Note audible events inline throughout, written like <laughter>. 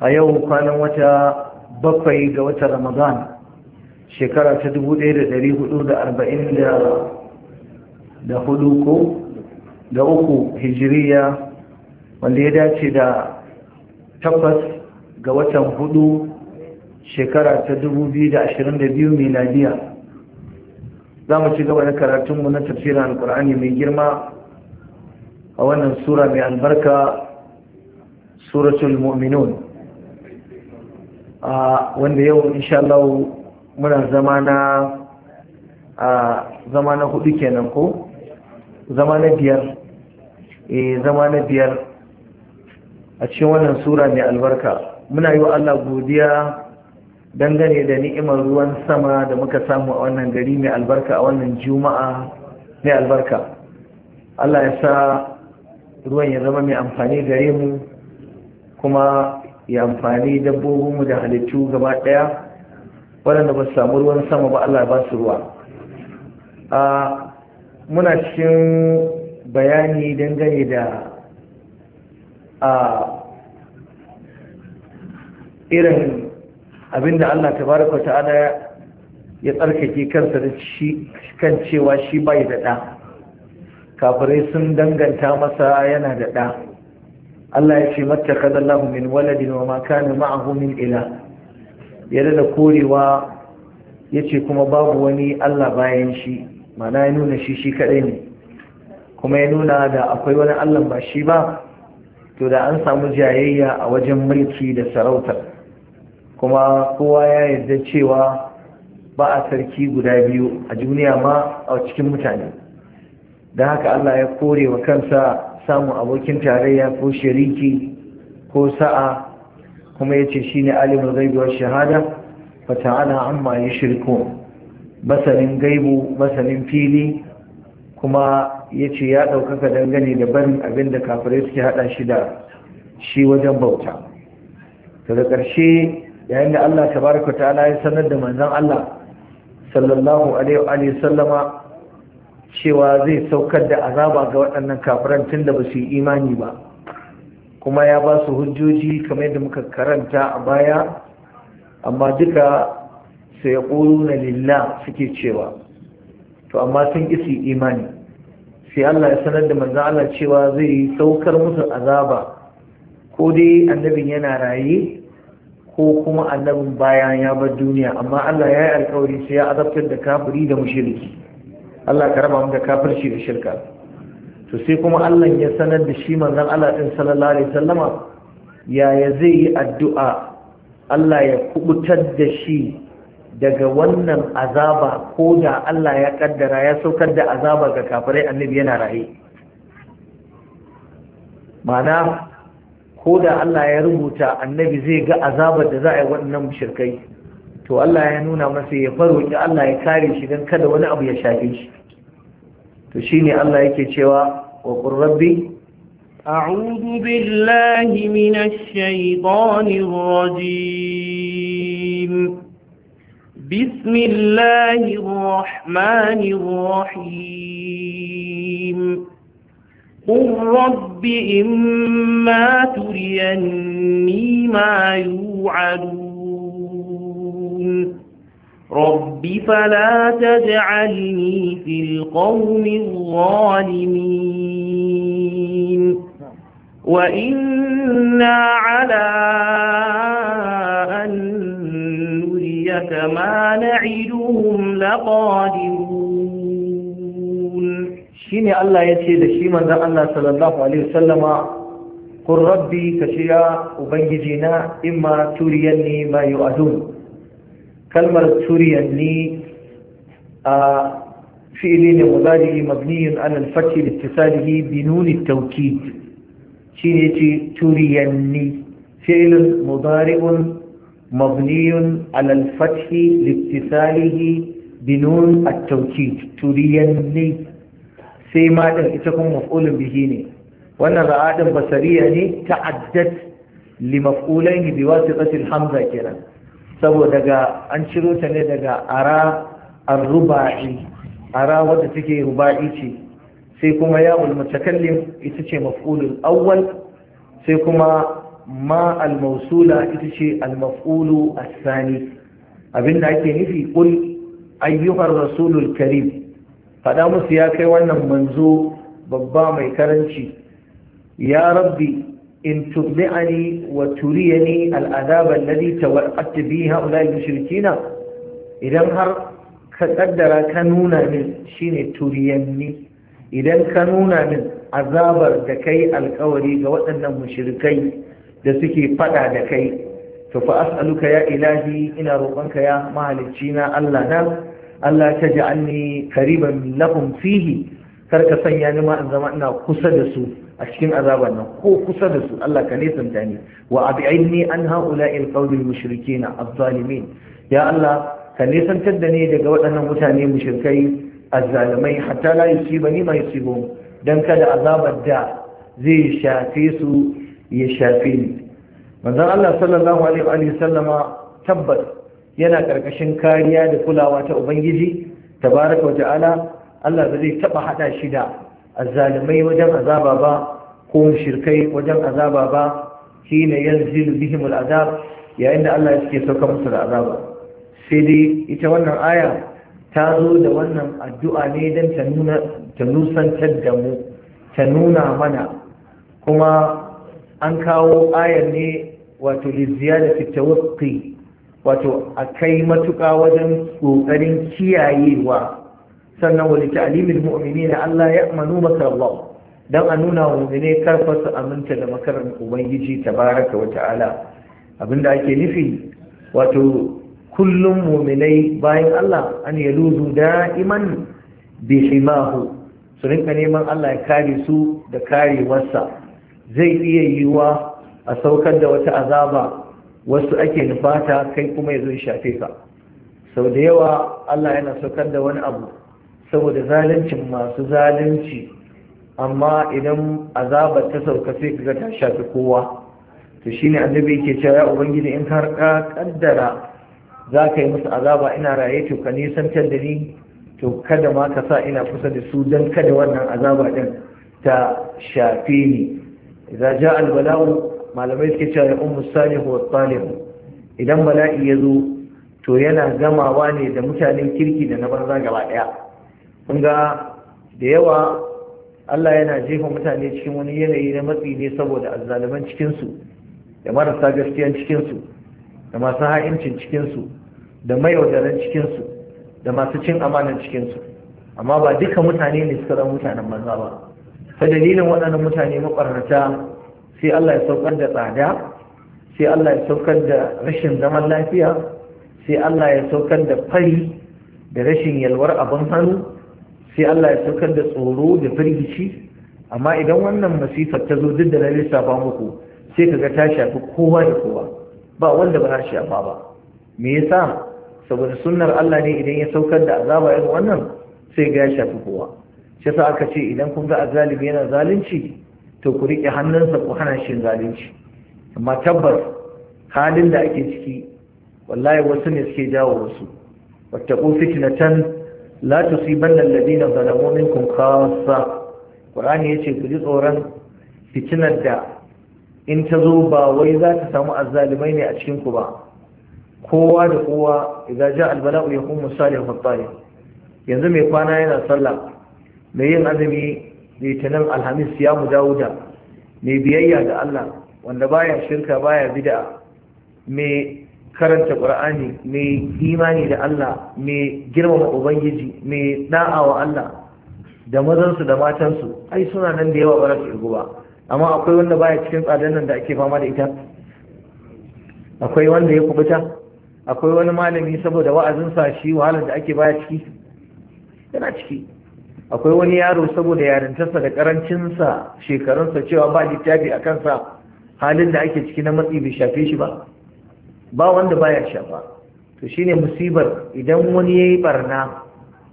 a yau kwanan wata bakwai ga wata ramadan shekara ta 1444 ko da uku hijiriya wanda ya dace da takwas ga watan hudu shekara ta 2022 miladiya za mu ci gaba da karatunmu na tafsirin alkur'ani mai girma a wannan sura mai albarka suratul mu'minun wanda yau insha Allah muna zama na zama na hudu kenan ko zama na biyar eh zama na biyar a cikin wannan sura mai albarka muna yi wa Allah godiya dangane da ni'imar ruwan sama da muka samu a wannan gari mai albarka a wannan juma'a mai albarka Allah ya sa ruwan ya zama mai amfani gare mu kuma ya amfani dabbobinmu da halittu gaba ɗaya waɗanda ba su samu ruwan sama ba Allah ba su ruwa a muna cikin bayani dangane da a irin abinda Allah tabaraka ta'ala ya tsarkake kansa da shi kan cewa shi bai da ɗa kafirai sun danganta masa yana da ɗa Allah ya ce lahu min waladin wa ma kana ma'ahu min yadda da korewa ya ce kuma babu wani Allah bayan shi mana ya nuna shi shi kadai ne kuma ya nuna da akwai wani Allah ba shi ba to da an samu jayayya a wajen mulki da sarautar kuma kowa ya yarda cewa ba a sarki guda biyu a duniya ma a cikin mutane da haka Allah ya kore wa kansa samun abokin tarayya ko shiriki ko sa'a kuma ya ce shi ne alimul gaibuwar shahada ana amma ya shirko masanin gaibu masanin fili kuma ya ce ya ɗaukaka dangane da barin abin da kafirai suke haɗa shi da shi wajen bauta daga ƙarshe yayin da allah Ta Baraka ta'ala ya sanar da manzon allah sallallahu alaihi wa sallama cewa zai saukar da azaba ga waɗannan kafiran tun da ba su yi imani ba kuma ya ba su hujjoji kamar yadda muka karanta a baya amma duka sai ya na lilla suke cewa to amma sun isi imani sai Allah ya sanar da manzan Allah cewa zai saukar musu azaba ko dai annabin yana raye ko kuma annabin bayan ya bar duniya amma Allah ya yi alkawari sai ya azabtar da kafiri da mushriki Allah ka raba mu da kafirci da shirka to sai kuma Allah ya sanar da shi manzon Allah din sallallahu alaihi wasallama yaya zai yi addu'a Allah ya kubutar da shi daga wannan azaba ko da Allah ya kaddara ya saukar da azaba ga kafirai annabi yana raye mana ko da Allah ya rubuta annabi zai ga azabar da za a yi waɗannan shirkai to Allah ya nuna masa ya faroki Allah ya kare shi don kada wani abu ya shafe shi to shine Allah yake cewa wa qur rabbi a'udhu billahi minash shaitanir rajim بسم الله الرحمن الرحيم قل رب إما ma ما الرسول رب فلا تجعلني في القوم الظالمين وإنا على أن نريك ما نعدهم لقادرون شيني الله دشي من ذا الله صلى الله عليه وسلم قل ربي كشيا وبنجينا إما تريني ما يؤذون kalmar turiyan ni a fi'ili ne mudari mabniyun ala al-fathi turiyanni mabniyun ala al sai ma din ita kuma maf'ulin bihi ne wannan ra'adin basariya ne ta'addat li maf'ulaini bi wasitati al-hamza kenan saboda ga an ciro ta ne daga ara arruba'i ara wadda take ruba'i ce sai kuma ya mutakallim ita ce maf'ulul awwal sai kuma ma almausula ita ce al-maf'ulu as-sani abinda ake nufi kul ayyuhar rasulul karim faɗa musu ya kai wannan manzo babba mai karanci ya rabbi in tubni'ani wa turiyani al'adaba alladhi tawaqqati bi haula al-mushrikina idan har ka kaddara ka nuna min shine turiyanni idan ka nuna min azabar da kai alkawari ga waɗannan mushrikai da suke faɗa da kai to fa ka ya ilahi ina roƙonka ya mahalicci na Allah na Allah ta ji an ni kariban lahum fihi kar ka sanya ni ma in zama ina kusa da su a cikin azabar nan ko kusa da su Allah ka nesanta ni wa abi'inni an ha'ula'il qawlil mushrikeena adh-dhalimin ya Allah ka nesantar da ni daga waɗannan mutane mushrikai azzalimai hatta la yusibani ma yusibum dan kada azabar da zai shafe su ya shafe ni manzon Allah sallallahu alaihi wa sallama tabbas yana karkashin kariya da kulawa ta ubangiji tabaraka wa ta'ala Allah ba zai taba hada shi da azzalimai wajen azaba ba ko mushrikai wajen azaba ba hina yanzilu bihim al'azab yayin da Allah yake sauka musu da azaba sai dai ita wannan aya ta zo da wannan addu'a ne don ta nuna ta nusantar da mu ta nuna mana kuma an kawo ayar ne wato liziyarati tawaqqi wato a kai matuƙa wajen ƙoƙarin kiyayewa sannan wani ta'alimin mu'mini na Allah ya amanu maka Allah don a nuna wa mu'mini karfa su aminta da makarar Ubangiji tabaraka wa ta'ala abinda ake nufi wato kullum mu'minai bayan Allah an ya luzu da'iman bi himahu su rinka neman Allah ya kare su da karewarsa zai iya yiwuwa a saukar da wata azaba wasu ake nufata kai kuma ya zo shafe ka sau da yawa Allah yana saukar da wani abu saboda zalunci masu zalunci amma idan azabar ta sauka sai ga ta shafi kowa to shine annabi yake cewa ya ubangiji in har ka kaddara za ka yi musu azaba ina raye to ka nisan da ni to kada ma ka sa ina kusa da su dan kada wannan azaba din ta shafe ni idza ja al bala'u malamai suke cewa ya ummu salih wa talib idan bala'i ya zo to yana gamawa ne da mutanen kirki da na banza gaba daya mun ga da yawa Allah yana jefa mutane cikin wani yanayi na matsi ne saboda azzaliman cikinsu da marasa gaskiyan cikinsu da masu ha'incin cikinsu da mayaudaran cikinsu da masu cin amanan cikinsu amma ba duka mutane ne suka zama mutanen maza ba ta dalilin waɗannan mutane maƙwarnata sai Allah ya saukar da tsada sai Allah ya saukar da rashin zaman lafiya sai Allah ya saukar da fari da rashin yalwar abin hannu sai Allah ya saukar da tsoro da firgici amma idan wannan masifar ta zo duk da na lissafa muku sai kaga ta shafi kowa da kowa ba wanda ba shi shafa ba me yasa saboda sunnar Allah ne idan ya saukar da azaba irin wannan sai ga ya shafi kowa shi sa aka ce idan kun ga azalimi yana zalunci to ku riƙe hannunsa ku hana shi zalunci amma tabbas halin da ake ciki wallahi wasu ne suke jawo wasu ko fitnatan la nan ladina zalamu minkum khassa qur'ani yace ku ji tsoron fitinar da in ta zo ba wai za ta samu azzalimai ne a cikin ku ba kowa da kowa idza ja albala'u yaqumu salihu fattari yanzu mai kwana yana sallah mai yin azumi litinin alhamis ya mu da mai biyayya ga Allah wanda baya shirka baya bid'a mai karanta qur'ani mai imani da Allah mai girmama ubangiji mai da'a wa Allah da mazansu da matansu ai suna nan da yawa ba su ba amma akwai wanda baya cikin tsadar nan da ake fama da ita akwai wanda ya kubuta akwai wani malami saboda wa'azinsa shi wahalar da ake baya ciki yana ciki akwai wani yaro saboda yarintarsa da karancinsa shekarunsa cewa ba littafi a kansa halin da ake ciki na matsi bai shafe shi ba ba wanda baya shafa to shine musibar idan wani yayi barna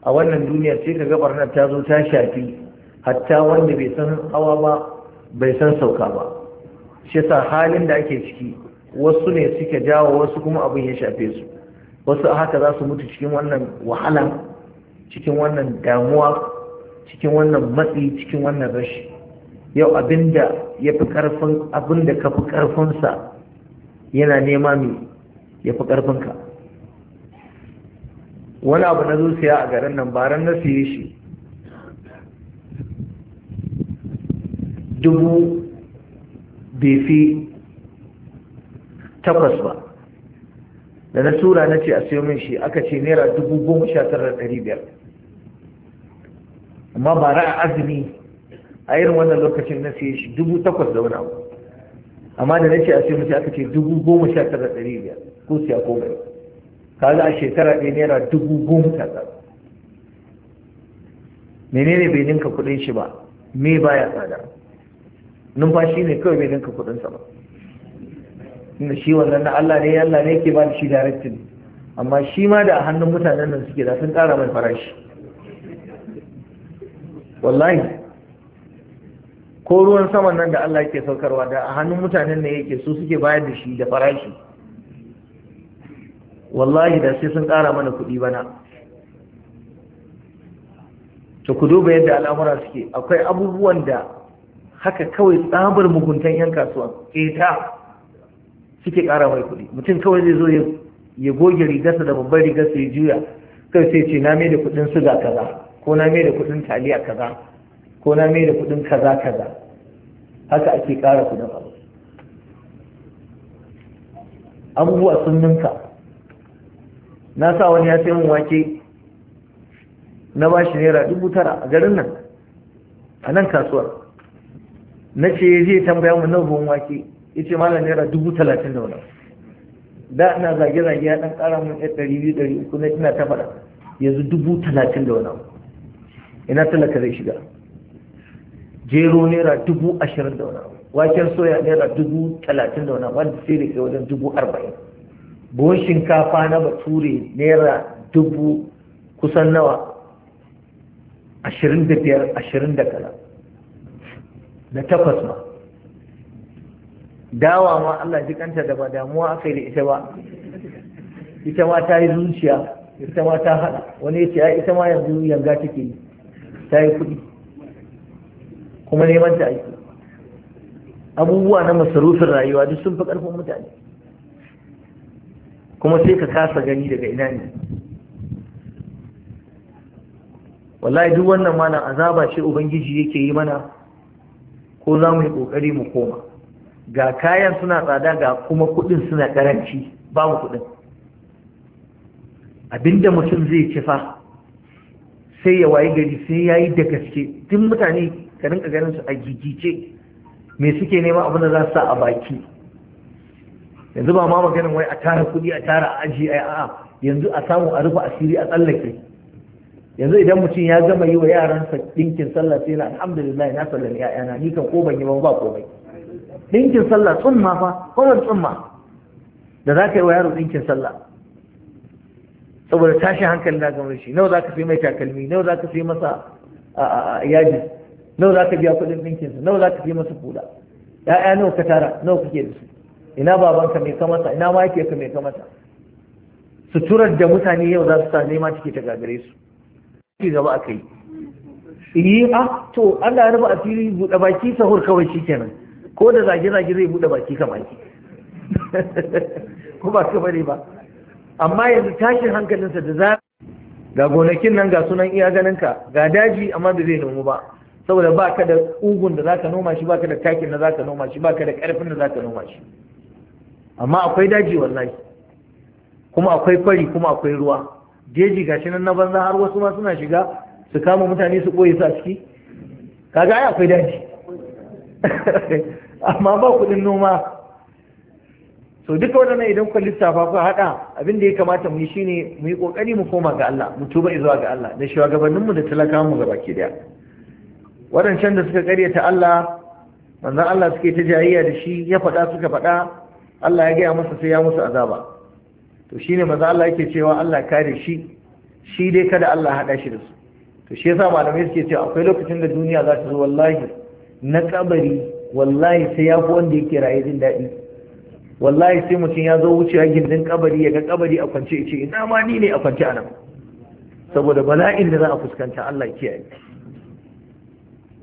a wannan duniyar sai kaga barnar ta zo ta shafi hatta wanda bai san hawa ba bai san sauka ba shi yasa halin da ake ciki wasu ne suke jawo wasu kuma abin ya shafe su wasu haka za su mutu cikin wannan wahala cikin wannan damuwa cikin wannan matsi cikin wannan rashi yau abinda ya fi karfin abinda ka fi karfinsa yana nema mai ya fi ƙarfinka wani abu na zuciya a garin nan baran na siye shi dubu fi takwas ba da na tura na ce a siyo min shi aka ce naira dubu goma sha tara ɗari biyar amma bara a azumi a irin wannan lokacin na siye shi dubu takwas da wani abu amma da nace a ce mace aka ce dubu goma sha tara ɗari biyar ko siya ko bai za a shekara ɗaya naira dubu goma sha tara menene bai ninka kuɗin shi ba me baya tsada numfashi ne kawai bai ninka kuɗinsa ba inda shi wannan na Allah ne Allah ne ke ba da shi daraktin amma shi ma da hannun mutanen nan suke da sun ƙara mai farashi wallahi ko ruwan saman nan da Allah yake saukarwa da a hannun mutanen ne yake su suke bayar da shi da farashi wallahi da sai sun ƙara mana kuɗi bana to ku duba yadda al'amura suke akwai abubuwan da haka kawai tsabar muguntan 'yan kasuwa keta suke ƙara mai kuɗi mutum kawai zai zo ya goge rigarsa da babbar rigarsa ya juya kai sai ce na mai da kuɗin suga kaza ko na mai da kuɗin taliya kaza ko na mai da kudin kaza kaza haka ake kara kudin abu abubuwa sun ninka na sa wani ya sai mun wake na ba shi naira dubu tara a garin nan a nan kasuwar na ce zai tambaya mu nan ruwan wake ya ce mana naira dubu talatin da wani da ina zage-zage ya ɗan ƙara mun ɗaya ɗari biyu ɗari uku na ina ta faɗa yanzu dubu talatin da wani ina talaka zai shiga jero naira dubu ashirin da wani abu waken soya naira dubu talatin da wani wanda sai da ke wajen dubu arba'in buhun shinkafa na bature naira dubu kusan nawa ashirin da biyar ashirin da kala da takwas ma dawa ma Allah ji kanta da ba damuwa aka yi da ita ba ita ma ta yi zuciya ita ma ta hada wani ya ce ita ma yanzu yanga take yi ta yi kuɗi kuma neman ta aiki abubuwa na masarufin rayuwa duk sun fi ƙarfin mutane kuma sai ka kasa gani daga ina ne wallahi duk wannan mana azaba ce ubangiji yake yi mana ko za mu yi ƙoƙari mu koma ga kayan suna tsada ga kuma kuɗin suna ƙaranci babu kuɗin abinda mutum zai kifa sai ya wayi gari sai ya yi da gaske duk mutane ka rinka ganin su a gigice me suke nema abin da za su sa a baki yanzu ba ma maganin wai a tara kuɗi a tara aji a a'a yanzu a samu a rufe asiri a tsallake yanzu idan mutum ya gama yi wa yaransa ɗinkin sallah sai na alhamdulillah na sallami ya'yana ni kan ko ban yi ba ba komai ɗinkin sallah tsumma fa kawai tsumma da za ka yi wa yaro ɗinkin sallah saboda tashi hankali na gama shi nawa za ka sai mai takalmi nawa za ka sai masa yaji nawa za ka biya kuɗin ɗinkin su nawa za ka yi masu kula ya'ya nawa ka tara nawa kake da su ina babanka mai kamata ina mahaifiyarka mai kamata suturar da mutane yau za su sa nema take ta gagare su ci gaba a kai yi a to Allah ya raba asiri buɗe baki sahur kawai shi kenan ko da zage-zage zai buɗe baki ka maki <laughs> ko ba ka bari ba amma yanzu tashin hankalinsa da za ga gonakin nan ga sunan iya ganinka ga daji amma ba zai nomu ba saboda ba ka da ugun da zaka noma shi ba ka da takin da zaka noma shi ba ka da karfin da zaka noma shi amma akwai daji wallahi kuma akwai fari kuma akwai ruwa jeji shi nan na banza har wasu ma suna shiga su kama mutane su ɓoye su a ciki kaga ai akwai daji <laughs> amma ba kuɗin noma so duka waɗannan idan ku lissafa ku haɗa abin da ya kamata mu yi shine mu yi ƙoƙari mu koma ga Allah mu tuba zuwa ga Allah da shugabanninmu da talakawanmu gaba ke daya waɗancan da suka ƙaryata Allah manzon Allah suke ta jayayya da shi ya faɗa suka faɗa Allah ya gaya masa sai ya musu azaba to shine manzon Allah yake cewa Allah kare shi shi dai kada Allah haɗa shi da su to shi yasa malamai suke cewa akwai lokacin da duniya za ta zo wallahi na kabari wallahi sai ya fi wanda yake raye jin daɗi wallahi sai mutum ya zo wucewa gindin kabari ya ga kabari a kwance ya ce ina ma ni ne a kwance a nan saboda bala'in da za a fuskanta Allah kiyaye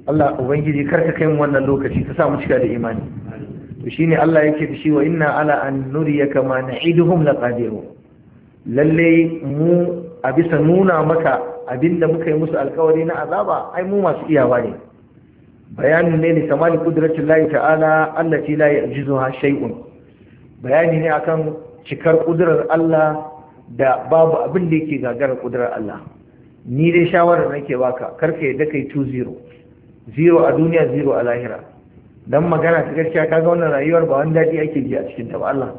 Allah ubangiji kar ka kai mu wannan lokaci ta sa mu cika da imani to shine Allah yake da shi wa inna ala an nuriyaka ma na'iduhum laqadirun lalle mu a bisa nuna maka abinda muka yi musu alkawari na azaba ai mu masu iyawa ne bayanin ne ne kamar kudratin lahi ta'ala allati la ya'jizuha shay'un bayani ne akan cikar kudurar Allah da babu abin da yake gagarar kudurar Allah ni dai shawarar nake baka karka yadda kai 0!" zero a duniya zero a lahira don magana ta gaskiya ga wannan rayuwar ba wani daɗi ake ji a cikin ta ba Allah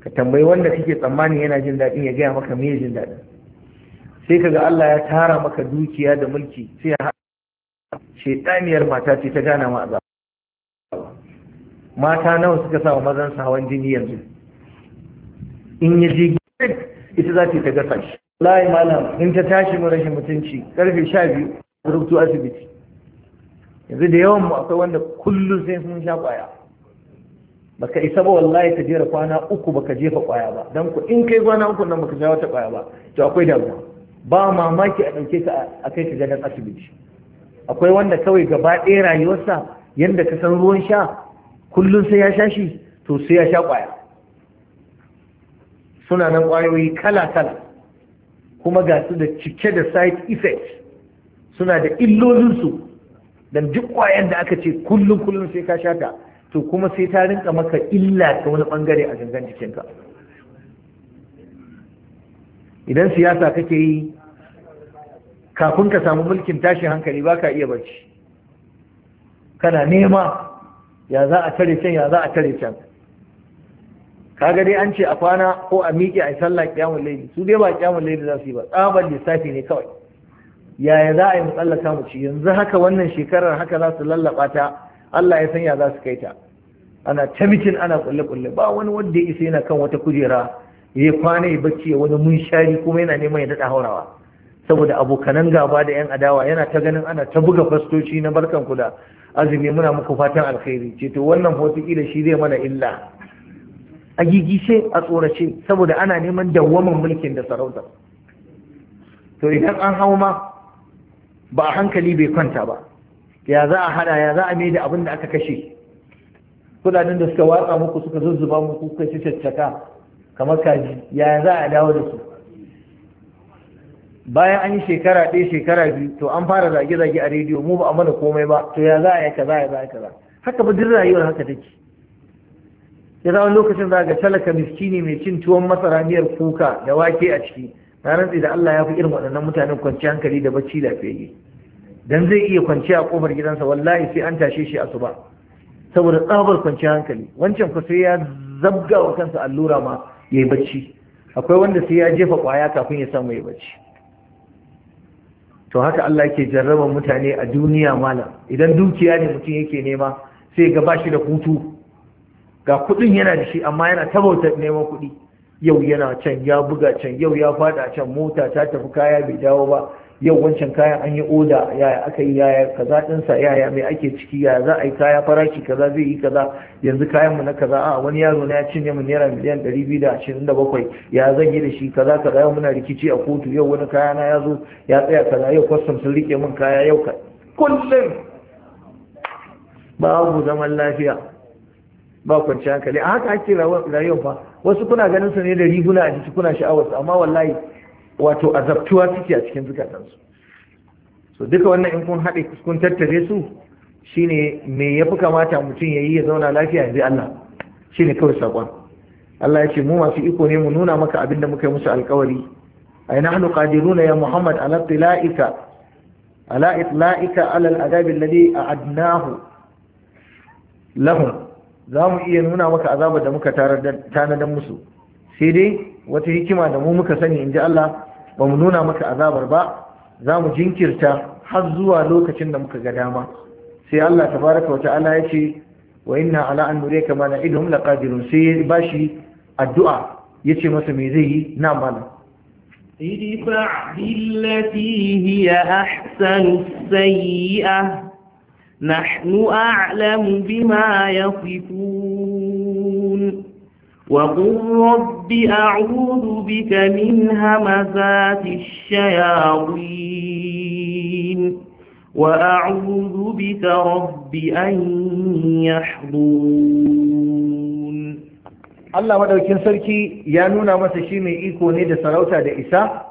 ka tambayi wanda kake tsammani yana jin daɗin ya gaya maka me jin daɗin sai ka ga Allah ya tara maka dukiya da mulki sai ya shaidaniyar mata ce ta gana ma mata nawa suka sa wa mazan su hawan jini yanzu in ya je ita za ta yi ta gasa shi lai malam in ta tashi mu rashin mutunci karfe sha biyu rubutu asibiti yanzu da yawan mu akwai wanda kullum sai sun sha kwaya baka isa ba wallahi ka jera kwana uku baka jefa kwaya ba dan ku in kai kwana uku nan baka sha wata kwaya ba to akwai damuwa ba mamaki a ɗauke ka a kai ka ganin asibiti akwai wanda kawai gaba ɗaya rayuwarsa yadda ka san ruwan sha kullum sai ya sha shi to sai ya sha kwaya suna nan kwayoyi kala kala kuma ga su da cike da side effects suna da illolinsu dan duk ƙwayar da aka ce kullum kullum sai ka sha ta to kuma sai ta rinka maka illa ta wani bangare a gangan jikinka idan siyasa kake yi kafin ka samu mulkin tashin hankali ba ka iya barci kana nema ya za a tare can ya za a tare can kaga dai an ce a kwana ko a miƙe a sallah kiyamul laifi, su dai ba kiyamul laifi za su yi ba tsabar lissafi ne kawai yaya za a yi tsallaka mu ci yanzu haka wannan shekarar haka za su lallaba ta Allah ya sanya za su kai ta ana ta mikin ana kulle kulle ba wani wanda ya isa yana kan wata kujera ya kwana ya bacci ya wani shari kuma yana neman ya daɗa haurawa saboda abokanan gaba da yan adawa yana ta ganin ana ta buga fastoci na barkan ku da azumi muna muku fatan alkhairi ce to wannan wataƙila shi zai mana illa a gigishe a tsorace saboda ana neman dawwamin mulkin da sarauta to idan an hau ma ba a hankali bai kwanta ba ya za a hada ya za a mai da abin da aka kashe kudaden da suka watsa muku suka zuzzuba muku kai ci caccaka kamar kaji ya za a dawo da su bayan an yi shekara ɗaya shekara biyu to an fara zage-zage a rediyo mu ba a mana komai ba to ya za a yi kaza ya za a yi kaza haka ba duk rayuwar haka take ya zama lokacin za ga talaka miskini mai cin tuwon masara miyar kuka da wake a ciki na rantsi da Allah ya fi irin waɗannan mutanen kwanci hankali da bacci lafiyayye dan zai iya kwanciya a kofar gidansa wallahi sai an tashe shi asuba saboda tsabar kwanci hankali wancan ku sai ya zabga wa kansa allura ma yayi bacci akwai wanda sai ya jefa kwaya kafin ya samu yayi bacci to haka Allah yake jarraba mutane a duniya malam idan dukiya ne mutum yake nema sai ga bashi da hutu ga kuɗin yana da shi amma yana ta neman kuɗi. yau yana can ya buga can yau ya fada can mota ta tafi kaya bai dawo ba yau wancan kayan an yi oda yaya aka yi yaya kaza dinsa yaya mai ake ciki yaya za a yi kaya faraki kaza zai yi kaza yanzu kayan mu na kaza a wani yaro na ya cinye mu naira miliyan 227 ya zan yi da shi kaza kaza yau muna rikici a kotu yau wani kaya na ya ya tsaya kaza yau kwastam sun rike min kaya yau ka kullum babu zaman lafiya ba kwanci hankali a haka ake rayuwa fa wasu kuna ganin su ne da riguna a jiki kuna sha'awar su amma wallahi wato azabtuwa suke a cikin su so duka wannan in kun haɗe kun tattare su shine me ya fi kamata mutum ya yi ya zauna lafiya ya Allah shine kawai saƙon Allah ya ce mu masu iko ne mu nuna maka abin da muka yi musu alƙawari ay nahnu na ya Muhammad ala tila'ika ala itla'ika ala al lalai a a'adnahu lahun za mu iya nuna maka azabar da muka tanadar musu sai dai wata hikima da mu muka sani in ji Allah ba mu nuna maka azabar ba za mu jinkirta har zuwa lokacin da muka ga dama sai Allah tabaraka wata'ala ya ce wa inna ala an nureka ma na'idhum laqadirun sai ya bashi addu'a yace masa me zai yi na mana? idfa billati hiya ahsanu sayyi'ah نحن أعلم بما يصفون وقل رب أعوذ بك من همزات الشياطين وأعوذ بك رب أن يحضرون الله ودوكين سركي يا نونا مسا شي إيكو نيدا ني دا sarauta يانونا isa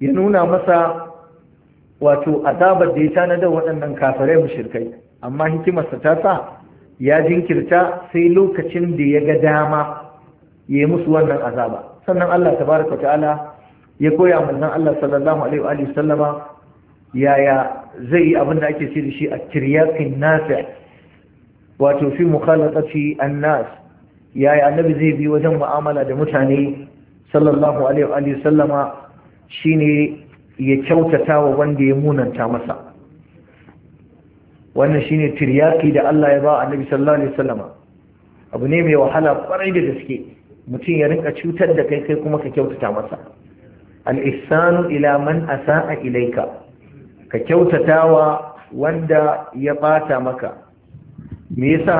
ya nuna masa wato azabar da ya tanadar waɗannan amma hikimarsa ta sa ya jinkirta sai lokacin da ya ga dama ya yi musu wannan azaba sannan Allah tabaraka ta'ala ya koya manzon Allah sallallahu alaihi wa sallama yaya zai yi abin da ake ce da shi a tiryakin nafi wato fi mukhalatati annas yaya annabi zai bi wajen mu'amala da mutane sallallahu alaihi wa sallama shine ya kyautata wa wanda ya munanta masa wannan shine tiryaki da Allah ya ba annabi sallallahu alaihi wasallama abu ne mai wahala kwarai da gaske mutum ya rinka cutar da kai kai kuma ka kyautata masa al-ihsanu ila man asaa ilaika ka kyautatawa wanda ya bata maka me yasa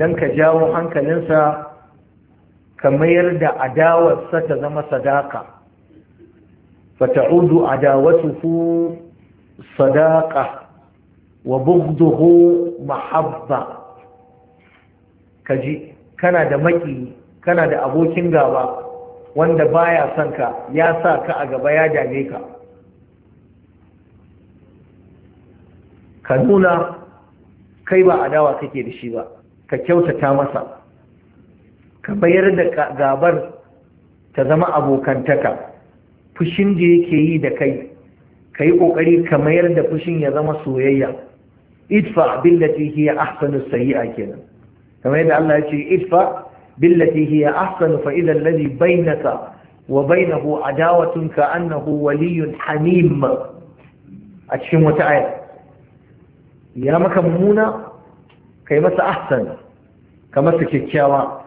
dan ka jawo hankalinsa ka mayar da adawarsa ta zama sadaka fata'udu adawatuhu sadaqa wa bugduhu mahabba kaji kana da maki kana da abokin gaba wanda baya son ka ya sa ka a gaba ya dame ka ka nuna kai ba adawa kake da shi ba ka kyautata masa ka bayar da gabar ta zama abokantaka fushin da yake yi da kai ka yi ƙoƙari ka mayar da fushin ya zama soyayya idfa billati hiya ahsanu sayyi'a kenan kamar yadda Allah ya ce idfa billati hiya ahsanu fa idha alladhi bainaka wa bainahu adawatun ka annahu waliyyun hamim a cikin wata aya ya maka mummuna kai masa ahsan ka masa kyakkyawa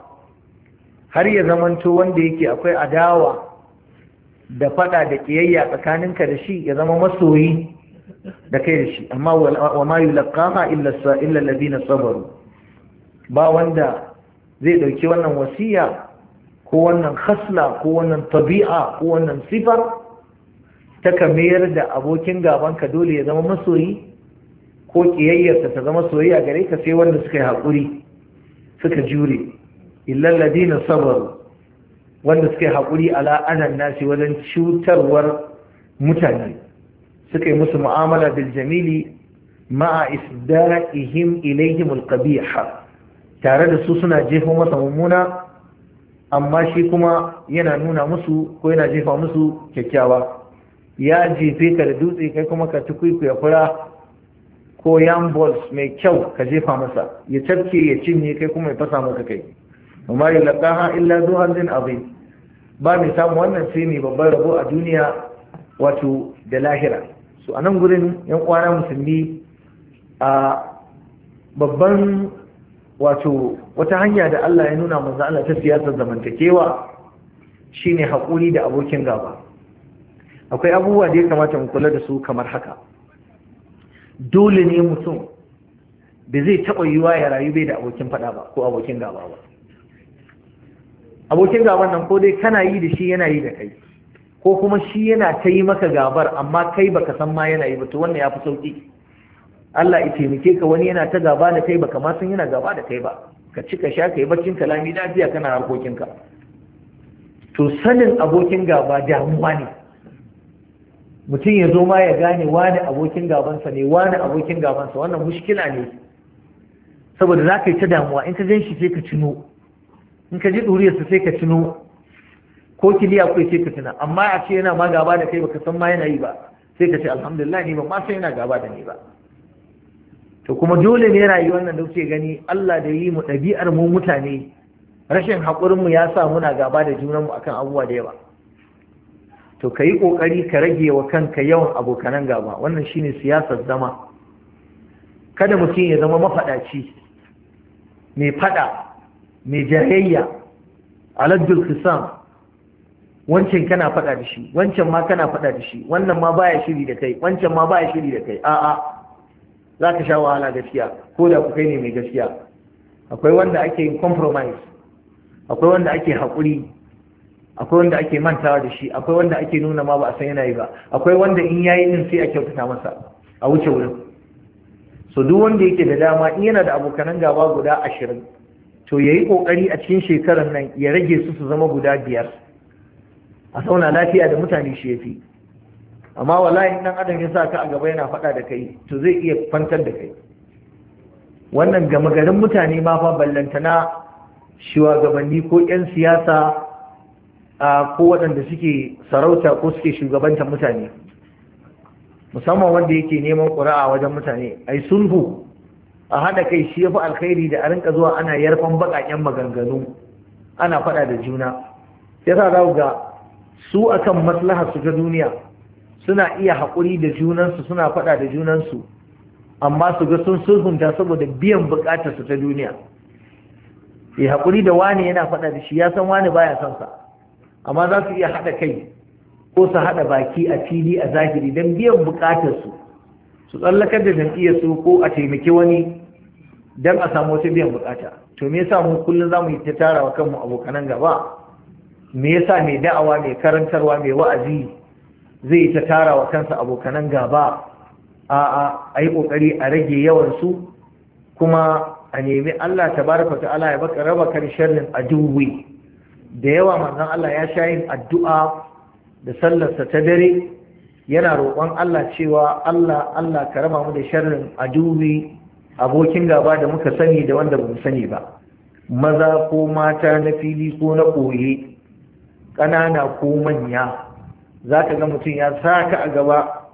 har ya zamanto wanda yake akwai adawa da fada da kiyayya tsakaninka da shi ya zama masoyi da kai da shi amma wa ma yulqaha illa illa alladhina sabaru ba wanda zai dauki wannan wasiya ko wannan khasla ko wannan tabi'a ko wannan sifar ta kamar da abokin gabanka dole ya zama masoyi ko kiyayyarsa ta zama soyayya gare ka sai wanda suka yi haƙuri suka jure illa alladhina sabaru wanda suka yi haƙuri ala anan nasi wajen cutarwar mutane suka yi musu mu'amala da jamili ma'a isda'ihim ilaihim alqabiha tare da su suna jefa masa mummuna amma shi kuma yana nuna musu ko yana jefa musu kyakkyawa ya jefe ka da dutse kai kuma ka ci kwaikwaya fura ko yam balls mai kyau ka jefa masa ya cafke ya cinye kai kuma ya fasa maka kai amma ya laƙaha illa zuhanzin abin ba mai samu wannan sai mai babbar rabo a duniya wato da lahira su a nan gurin yan uwana musulmi a babban wato wata hanya da Allah ya nuna manzo Allah ta siyasar zamantakewa shine haƙuri da abokin gaba akwai abubuwa da ya kamata mu kula da su kamar haka dole ne mutum da zai taɓa yiwa ya rayu bai da abokin faɗa ba ko abokin gaba ba abokin gaban nan ko dai kana yi da shi yana yi da kai ko kuma shi yana ta yi maka gabar amma kai baka san ma yana yi ba to wannan ya fi sauƙi. Allah ya taimake ka wani yana ta gaba da kai baka ma san yana gaba da kai ba ka ci ka sha ka yi baccin kalami lafiya kana harkokinka to sanin abokin gaba damuwa ne mutum ya zo ma ya gane wani abokin gabansa ne wani abokin gabansa wannan mushkila ne saboda za ka yi ta damuwa in ka gan shi sai ka cino in ka ji ɗuriyarsa sai ka cino ko kiliya ko sai ka tuna amma a ce yana ma gaba da kai baka san ma yana yi ba sai ka ce alhamdulillah ni ba ma san yana gaba da ni ba to kuma dole ne rayuwar nan da kuke gani Allah da yi mu ɗabi'ar mu mutane rashin haƙurin mu ya sa muna gaba da junan mu akan abubuwa da yawa to ka yi ƙoƙari ka rage wa kanka yawan abokanan gaba wannan shine siyasar zama kada mutum ya zama mafaɗaci mai faɗa mai jayayya aladdul kisam wancan kana faɗa da shi wancan ma kana faɗa da shi wannan ma baya shiri da kai wancan ma baya shiri da kai a'a za ka sha wahala gaskiya ko da ku kai ne mai gaskiya akwai wanda ake yin compromise akwai wanda ake haƙuri akwai wanda ake mantawa da shi akwai wanda ake nuna ma ba a san yana yi ba akwai wanda in yayi din sai a kyautata masa a wuce wurin so duk wanda yake da dama in yana da abokanan gaba guda ashirin to yayi kokari a cikin shekarar nan ya rage su su zama guda biyar a sauna lafiya da mutane shi ya fi. amma wallahi dan adam ya sa ka a gaba yana faɗa da kai to zai iya fantar da kai wannan gama garin mutane ma fa ballantana shugabanni ko 'yan siyasa ko waɗanda suke sarauta ko suke shugabantar mutane musamman wanda yake neman ƙuri'a wajen mutane ai sulhu a haɗa kai shi ya fi alkhairi da a rinka zuwa ana yarfan baƙaƙen maganganu ana faɗa da juna Yasa za za ga su akan maslaha su ta duniya suna iya haƙuri da junansu suna faɗa da junansu amma su ga sun sulhunta saboda biyan buƙatar su ta duniya ya haƙuri da wani yana faɗa da shi ya san wani baya son sa amma za su iya haɗa kai ko su haɗa baki a fili a zahiri don biyan buƙatar su su tsallakar da jam'iyyar su ko a taimaki wani don a samu wata biyan buƙata to me yasa mu kullum za mu yi ta tarawa kanmu abokanan gaba me yasa mai da'awa mai karantarwa mai wa'azi zai ta tara wa kansa abokanan gaba a'a a yi kokari a rage yawan su kuma a nemi Allah ta ta Allah ya baka raba kan sharrin aduwi da yawa manzon Allah ya sha yin addu'a da sallarsa ta dare yana roƙon Allah cewa Allah Allah ka raba mu da sharrin aduwi abokin gaba da muka sani da wanda bamu sani ba maza ko mata na fili ko na koye ƙanana ko manya za ka ga mutum ya sa ka a gaba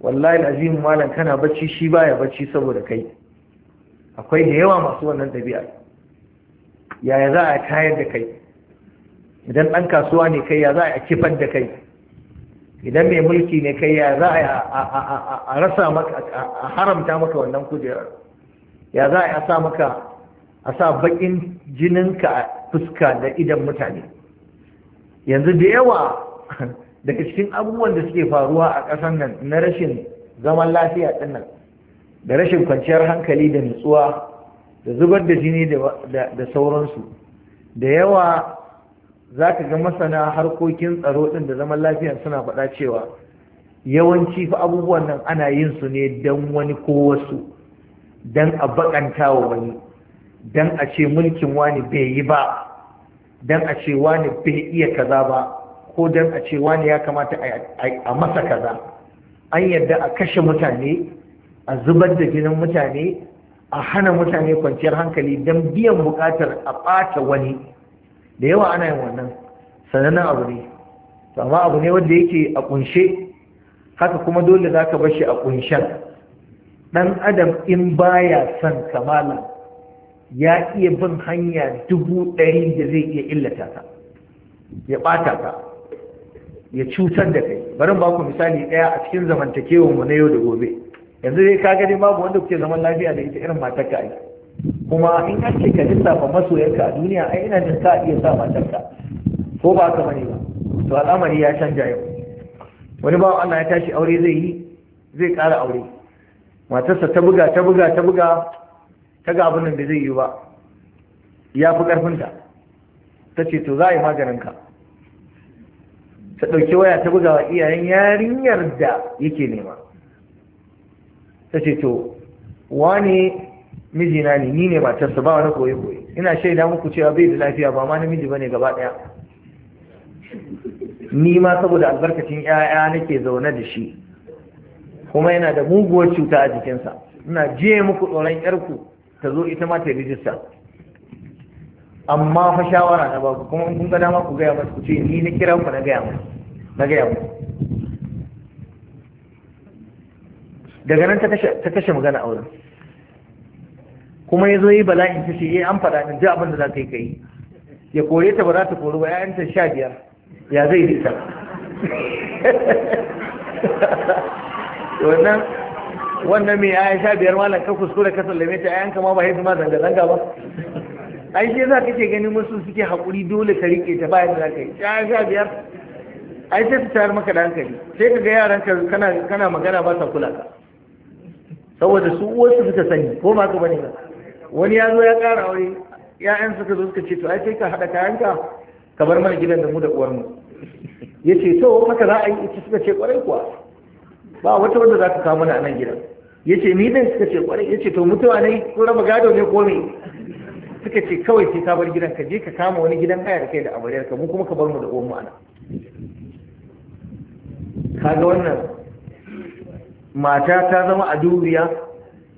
wallahi azimin malam kana bacci shi baya bacci saboda kai akwai da yawa masu wannan ɗabi'a yaya za a tayar da kai idan ɗan kasuwa ne kai ya za a kifar da kai idan mai mulki ne kai ya za a rasa maka a haramta maka wannan kujerar ya za a sa maka a sa baƙin jininka a fuska da idan mutane yanzu da yawa daga cikin abubuwan da suke faruwa a ƙasan nan na rashin zaman lafiya ɗin nan da rashin kwanciyar hankali da nutsuwa da zubar da jini da sauransu da yawa za ka ga masana harkokin tsaro ɗin da zaman lafiya suna faɗa cewa yawanci fa abubuwan nan ana yin su ne don wani ko wasu don a baƙanta wa wani don a ce mulkin wani bai yi ba dan a ce wani bai iya kaza ba ko dan a ce wani ya kamata a masa kaza an yadda a kashe mutane a zubar da jinin mutane a hana mutane kwanciyar hankali don biyan bukatar a ɓata wani da yawa ana yin wannan sanannen abu ne amma abu ne wanda yake a kunshe haka kuma dole za ka bashi a kunshen ɗan adam in baya son kamala ya iya bin hanya dubu ɗari da zai iya illata ta ya ɓata ta ya cutar da kai bari ba ku misali ɗaya a cikin zamantakewar mu na yau da gobe yanzu dai ka gani babu wanda kuke zaman lafiya da ita irin matar ka kuma in an ce ka lissafa masoyanka a duniya ai ina jin ka iya sa matar ka ko ba ka bane ba to al'amari ya canja yau wani ba Allah ya tashi aure zai yi zai ƙara aure matarsa ta buga ta buga ta buga kaga abin nan da zai yi ba ya fi ƙarfinta ta ce to za a yi maganinka ta ɗauki waya ta buga iyayen yarinyar da yake nema ta ce to wani mijina ne ni ne matarsa ba wani koyi-koyi ina shaida muku cewa bai da lafiya ba ma namiji ba ne gaba ɗaya ni ma saboda albarkacin 'ya'ya nake zaune da shi kuma yana da muguwar cuta a jikinsa ina je muku tsoron 'yarku ta zo ita ma ta rijista amma fa shawara na baku kuma in kun ga dama ku gaya masu ku ce ni na kira ku na gaya masu na gaya masu daga nan ta kashe magana a wurin kuma ya zo yi bala'in ta ce eh an faɗa ni ji abin da za ka yi kai ya kore ta ba za ta kori ba ta sha biyar ya zai yi ta <laughs> wannan wannan mai ya sha biyar malam ka kuskure ka sallame ta ayanka ma ba haifi ma zanga-zanga ba ai sai za ka ce ganin wasu suke haƙuri dole ka riƙe ta bayan da za ka yi ya sha biyar ai sai su tayar maka da hankali sai ka ga yaran ka kana magana ba sa kula ka saboda su wasu suka sani ko ba ka bane ba wani ya zo ya ƙara aure ya'yan suka zo suka ce to ai sai ka haɗa kayanka ka bar mana gidan da mu da uwarmu ya ce to haka za a yi ita suka ce ƙwarai kuwa ba wata wanda za ka kawo mana a nan gidan ya ce ni ne suka ce kwarai ya ce to mutuwa ne ko raba gado ne ko me suka ce kawai sai ka bar gidan ka je ka kama wani gidan haya da kai da amaryar ka mu kuma ka bar mu da uwan mu ana kaga wannan mata ta zama a duriya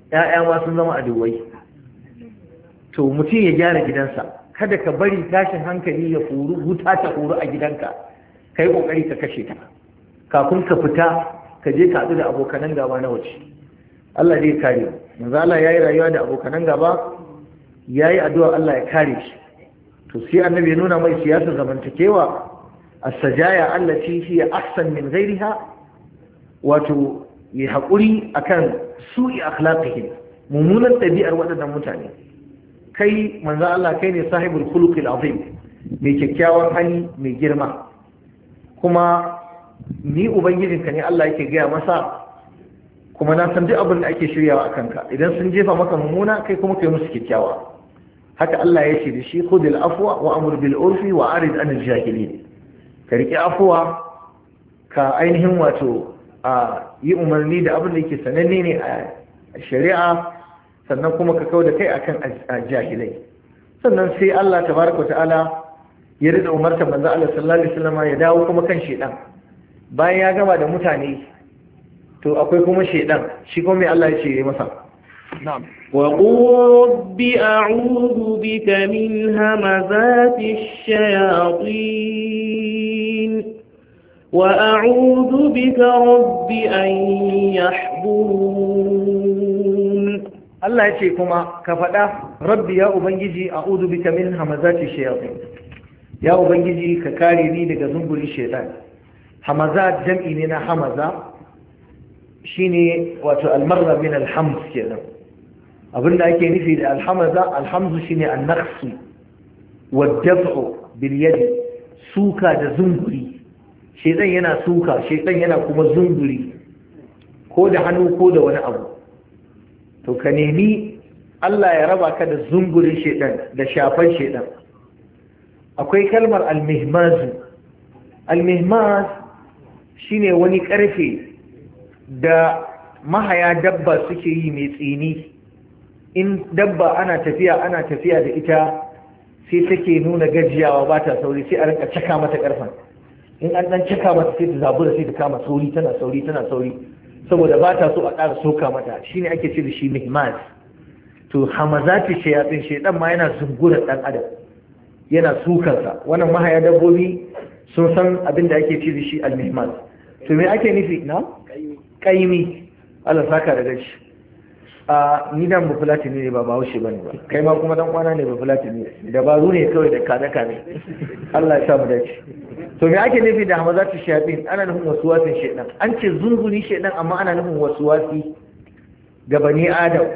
ƴaƴa ma sun zama a duwai to mutum ya gyara gidansa kada ka bari tashin hankali ya furu wuta ta furu a gidanka kai kokari ka kashe ta kafin ka fita ka je ka da abokanan gaba na waje Allah zai kare yanzu Allah yayi rayuwa da abokanan gaba yayi addu'a Allah ya kare shi to sai annabi ya nuna mai siyasar zamantakewa as-sajaya allati hiya ahsan min ghairiha wato yi haƙuri akan su'i akhlaqihim mummunan ɗabi'ar waɗannan mutane kai manzo Allah kai ne sahibul khuluqil azim mai kyakkyawan hali mai girma kuma ni ubangijinka ne Allah yake gaya masa kuma na san duk abin da ake shiryawa a kanka idan sun jefa maka mummuna kai kuma kai musu kyakkyawa haka Allah ya ce da shi khudil afwa wa amur bil urfi wa arid anil jahilin ka riƙe afuwa ka ainihin wato a yi umarni da abin da yake sananne ne a shari'a sannan kuma ka kau da kai akan jahilai sannan sai Allah tabaraka ta'ala ya rida umarta manzo Allah sallallahu alaihi wasallam ya dawo kuma kan shedan bayan ya gaba da mutane to akwai kuma shedan shi kuma mai Allah ya ce masa wa qurbi a'udhu bika min hamazati fi shayatin wa a'udhu bika rabbi an yahdhurun Allah ya ce kuma ka faɗa. rabbi ya ubangiji a'udhu bika min za ash-shayatin ya ubangiji ka kare ni daga zungurin shedan hamazat jam'i ne na hamaza shine wato almarra min alhamz kenan abinda ake nufi da alhamaza alhamzu shine annaqsu wadaf'u bil yadi suka da zunguri shedan yana suka shedan yana kuma zunguri ko da hannu ko da wani abu to ka nemi Allah ya raba ka da zungurin shedan da shafan shedan akwai kalmar almihmazu almihmaz shine wani ƙarfe da mahaya dabba suke yi mai tsini in dabba ana tafiya ana tafiya da ita sai take nuna gajiyawa ba ta sauri sai a rinka caka mata ƙarfan, in an ɗan caka mata sai ta zabura sai ta kama sauri tana sauri tana sauri saboda ba ta so a ƙara soka mata shine ake ce da shi mihmas to hamazati shayatin ɗan ma yana zungura ɗan adam yana sukansa wannan mahaya dabbobi sun san abin da ake ce da shi al-mihmas to me ake nufi na kaimi Allah saka da gashi a ni dan ba fulatini ne ba ba haushe bane ba kai ma kuma dan kwana ne ba fulatini dabaru ne kawai da kane kane Allah ya sa mu dace to me ake nufi da hamazatu shayatin ana nufin wasuwasin shaytan an ce zunguni shaytan amma ana nufin wasuwasi ga bani adam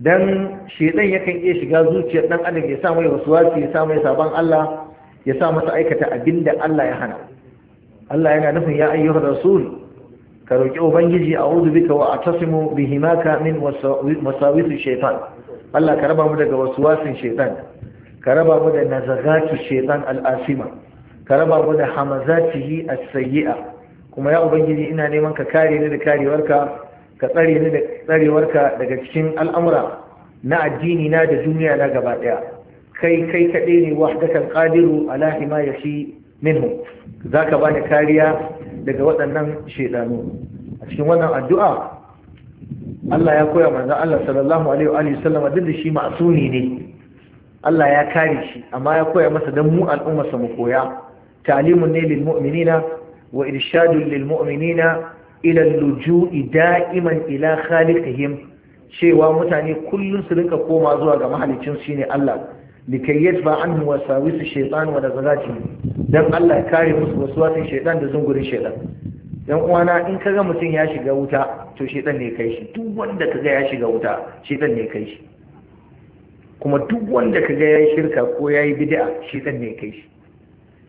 dan shaytan yakan iya shiga zuciyar dan adam ya sa mai wasuwasi ya sa mai saban Allah ya sa masa aikata abinda Allah ya hana Allah yana nufin ya ayyuhar rasul ka roki ubangiji a'udhu bika wa atasimu bihimaka min wasawisi shaitan Allah ka raba mu daga waswasin shaytan ka raba mu da nazagatu shaytan al'asima ka raba mu da hamazatihi a sayyia kuma ya ubangiji ina neman ka kare ni da karewarka ka tsare ni da tsarewarka daga cikin al'amura na addini na da duniya na gaba daya kai kai kaɗai ne wahdakal qadiru ala himayati Za zaka bani kariya daga waɗannan shedanu a cikin wannan addu'a Allah ya koya manzo Allah sallallahu alaihi wa duk da shi ma'suni ne Allah ya kare shi amma ya koya masa dan mu al'umma mu koya ta'limun ne lil mu'minina wa irshadun lil mu'minina ila al-luju'i da'iman ila khaliqihim cewa mutane kullum su rinka koma zuwa ga mahalicin shine Allah likai yajba anhu wasawisu shaytan wa nazarati dan Allah kare musu waswasin shaytan da zungurin shaytan dan uwana in ka ga mutum ya shiga wuta to shaytan ne kai shi duk wanda kaga ya shiga wuta shaytan ne kai shi kuma duk wanda ga ya shirka ko ya yi bid'a shaytan ne kai shi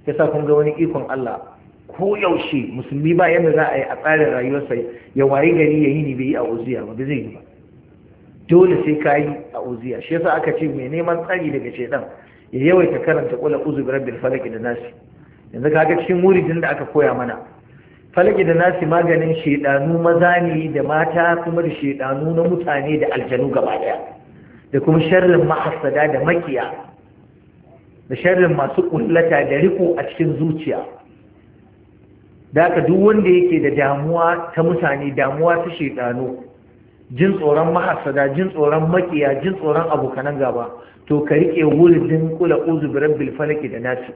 yasa kun ga wani ikon Allah ko yaushe musulmi ba yadda za a yi a tsarin rayuwarsa ya wayi gari ya yi ne bai yi a uziya ba zai yi ba dole sai ka yi a uziya shi yasa aka ce mai neman tsari daga shaidan ya yawaita karanta kula uzu bi rabbil falaq da nasi yanzu kaga cikin muridin da aka koya mana falaq da nasi maganin shaidanu maza ne da mata kuma da shaidanu na mutane da aljanu gaba daya da kuma sharrin mahassada da makiya da sharrin masu kullata da riko a cikin zuciya da duk wanda yake da damuwa ta mutane damuwa ta shaidanu jin tsoron mahasada jin tsoron makiya jin tsoron abokanan gaba to ka rike wuridin kula uzu bi rabbil falaki da nasu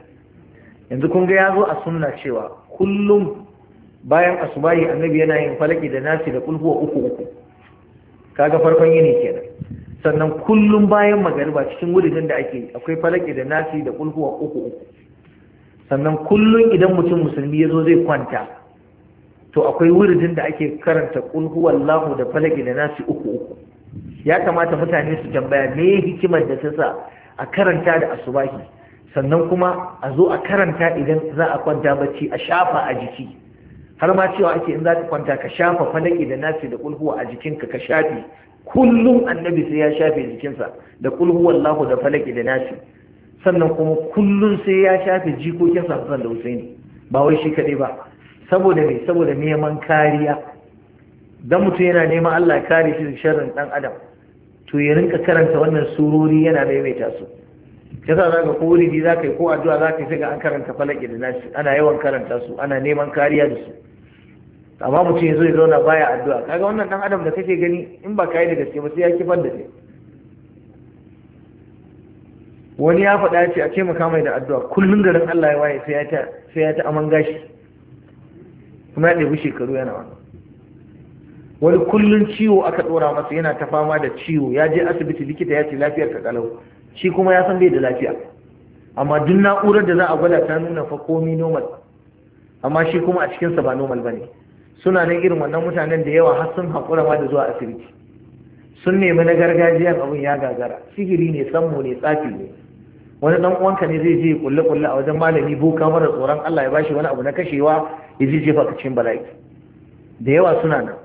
yanzu kun ga yazo a sunna cewa kullum bayan asubahi annabi yana yin falaki da nasi da kulhuwa uku uku kaga farkon yini kenan sannan kullum bayan magariba cikin wurin da ake akwai falaki da nasi da kulhuwa uku uku sannan kullum idan mutum musulmi yazo zai kwanta to akwai wuridin da ake karanta kul huwallahu da falaki da nasi uku uku ya kamata mutane su tambaya me hikimar da ta sa a karanta da asubahi sannan kuma a zo a karanta idan za a kwanta bacci a shafa a jiki har ma cewa ake in za ka kwanta ka shafa falaki da nasi da kulhuwa a jikinka ka shafi kullum annabi sai ya shafe jikinsa da kul lahu da falaki da nasi sannan kuma kullum sai ya shafe jikokinsa Hassan da Husaini ba wai shi kadai ba saboda me saboda neman kariya don mutum yana neman Allah ya kare shi da sharrin ɗan adam to ya rinka karanta wannan surori yana maimaita su ka kori ko wuri ka yi ko addu'a za ka yi an karanta falaki da nasi ana yawan karanta su ana neman kariya da su amma mutum ya zo ya zauna baya addu'a kaga wannan ɗan adam da kake gani in ba yi da gaske ba sai ya kifar da kai wani ya faɗa ce a ce mu mai da addu'a kullum garin Allah ya waye sai ya ta sai ya ta aman gashi kuma ya ɗebi shekaru yana wani wani kullun ciwo aka ɗora masa yana ta fama da ciwo ya je asibiti likita ya ce lafiyar ka kalau shi kuma ya san bai da lafiya amma duk na'urar da za a gwada ta nuna fa komi normal amma shi kuma a cikinsa ba normal ba ne suna nan irin wannan mutanen da yawa har sun haƙura ma da zuwa asibiti sun nemi na gargajiyar abin ya gagara sihiri ne sammo ne tsafi ne wani dan uwanka ne zai je kulle kulle a wajen malami boka mara tsoron Allah ya bashi wani abu na kashewa ya je jefa ka cikin bala'i da yawa suna nan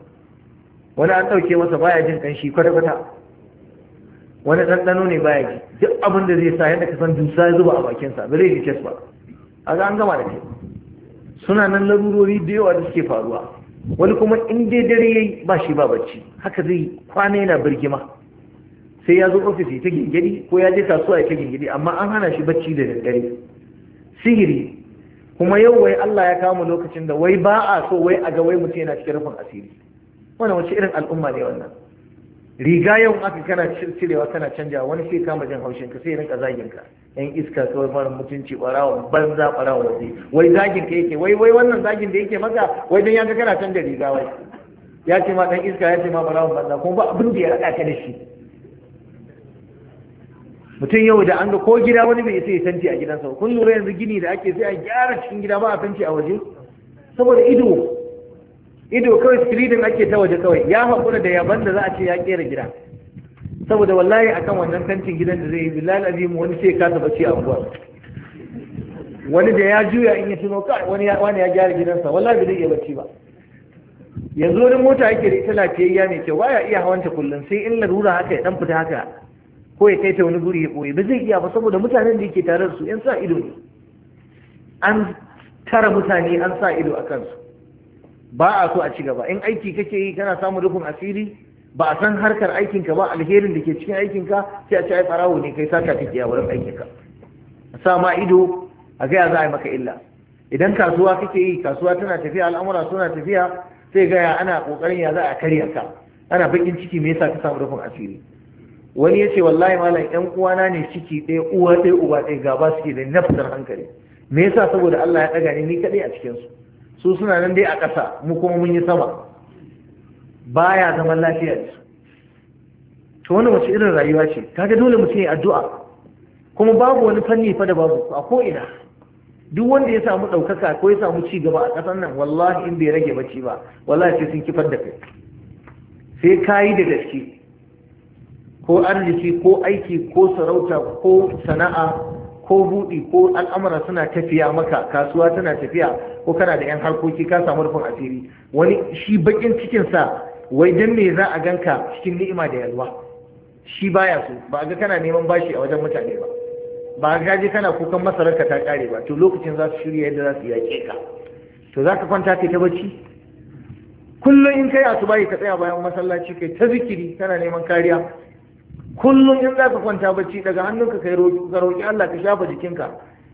wani an dauke masa baya jin kanshi kwata kwata wani ɗanɗano ne baya ji duk abin da zai sa yadda ka san dusa ya zuba a bakinsa ba zai ji kes ba a ga an gama da kai suna nan larurori da yawa da suke faruwa wani kuma in dai dare yayi ba shi ba bacci haka zai kwana yana birgima sai ya zo ofis ta gingiri ko ya je kasuwa ya ta gingiri amma an hana shi bacci da daddare sihiri kuma yau wai Allah ya kama lokacin da wai ba a so wai a ga wai mutum yana cikin rufin asiri wannan wace irin al'umma ne wannan riga yau aka kana cirewa kana canja wani sai kama jan haushin ka sai rinka zagin ka yan iska kawai mara mutunci barawa banza barawa waje wai zagin ka yake wai wai wannan zagin da yake maka wai dan yanka kana canja riga wai ya ce ma dan iska ya ce ma barawa banza kuma ba abin da ya haɗa ka da shi mutum yau da an ga ko gida wani bai isa ya santi a gidansa kun lura yanzu gini da ake sai a gyara cikin gida ba a santi a waje saboda ido ido kawai screening ake ta waje kawai ya haƙura da yaban da za a ce ya kera gida saboda wallahi akan wannan kantin gidan da zai yi bilal azim wani sai ka taba a anguwa wani da ya juya in ya tuno kai wani ya wani ya gyara gidansa wallahi bai iya bacci ba yanzu wani mota yake da ita lafiyayya ne ke waya iya hawanta kullum sai in larura haka ya dan fita haka ko ya kai ta wani guri ya koyi ba zai iya ba saboda mutanen da yake tare da su yan sa ido ne an tara mutane an sa ido a kansu ba a so a ci gaba in aiki kake yi kana samun rufin asiri ba a san harkar aikinka ba alherin da ke cikin aikinka sai a ci ai farawo ne kai sata kake a wurin aikinka sa ma ido a gaya za a yi maka illa idan kasuwa kake yi kasuwa tana tafiya al'amura suna tafiya sai gaya ana kokarin ya za a karya ka ana bakin ciki me yasa ka samu rufin asiri wani ya ce wallahi malam yan uwana ne ciki ɗaya uwa ɗaya uba ɗaya gaba suke da nafsar hankali me yasa saboda Allah ya ɗaga ni ni kaɗai a cikin su su suna nan dai a ƙasa mu kuma mun yi sama baya zaman lafiya da su to wani wace irin rayuwa ce kaga dole mutum ya addu'a kuma babu wani fanni fa da babu a ko ina duk wanda ya samu ɗaukaka ko ya samu ci gaba a ƙasar nan wallahi in bai rage bacci ba wallahi sai sun kifar da kai sai kayi da gaske ko arziki ko aiki ko sarauta ko sana'a ko buɗi ko al'amura suna tafiya maka kasuwa tana tafiya ko kana da 'yan harkoki ka samu rufin asiri wani shi bakin cikinsa wai dan me za a ganka cikin ni'ima da yalwa shi baya so ba ga kana neman bashi a wajen mutane ba ba ga je kana kukan masararka ta kare ba to lokacin za su shirya yadda za su yaƙe ka to za ka kwanta kai ta bacci kullum in kai asuba ka tsaya bayan masallaci kai ta zikiri kana neman kariya kullum in za ka kwanta bacci daga hannunka ka roƙi Allah ka shafa jikinka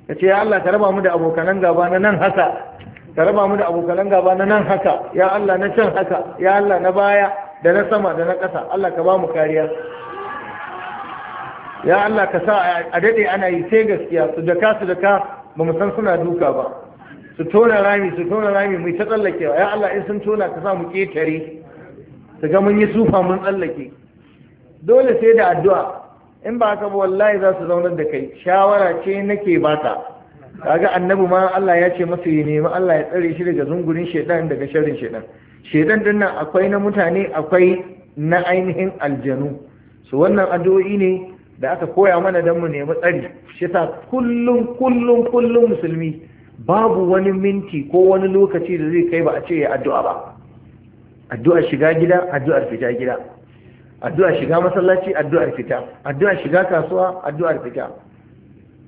ka ce ya Allah ka raba mu da abokanan gaba na nan haka ka raba mu da abokanan gaba na nan haka ya Allah na can haka ya Allah na baya da na sama da na ƙasa Allah ka ba mu kariya ya Allah ka sa a daɗe ana yi sai gaskiya su da ka su da ka ba mu san suna duka ba su tona rami su tona rami mu ta tsallakewa ya Allah in sun tona ka sa mu ƙetare su ga mun yi sufa mun tsallake dole sai da addu'a in ba ka ba wallahi za su zaunar da kai shawara ce nake baka kaga annabi ma Allah ya ce masa ya nemi Allah ya tsare shi daga zungurin shedan daga sharrin shedan shedan din nan akwai na mutane akwai na ainihin aljanu su wannan addu'o'i ne da aka koya mana don mu nemi tsari shi ta kullum kullum kullum musulmi babu wani minti ko wani lokaci da zai kai ba a ce ya addu'a ba addu'ar shiga gida addu'ar fita gida addu'ar shiga masallaci addu'ar fita addu'ar shiga kasuwa addu'ar fita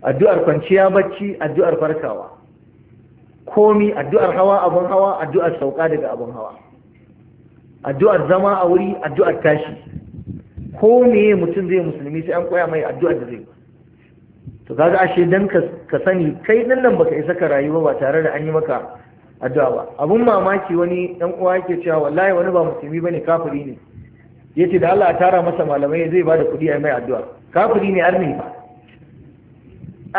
addu'ar kwanciya bacci addu'ar farkawa komi addu'ar hawa abun hawa addu'ar sauka daga abun hawa addu'ar zama a wuri addu'ar tashi ko meye mutum zai musulmi sai an koya mai addu'ar da zai to kaga ashe dan ka sani kai nan nan baka isa ka rayuwa ba tare da an yi maka addu'a ba abun mamaki wani dan uwa yake cewa wallahi wani ba musulmi bane kafiri ne yace da Allah ya tara masa malamai zai ba da kudi ai mai addu'a kafiri ne arni ba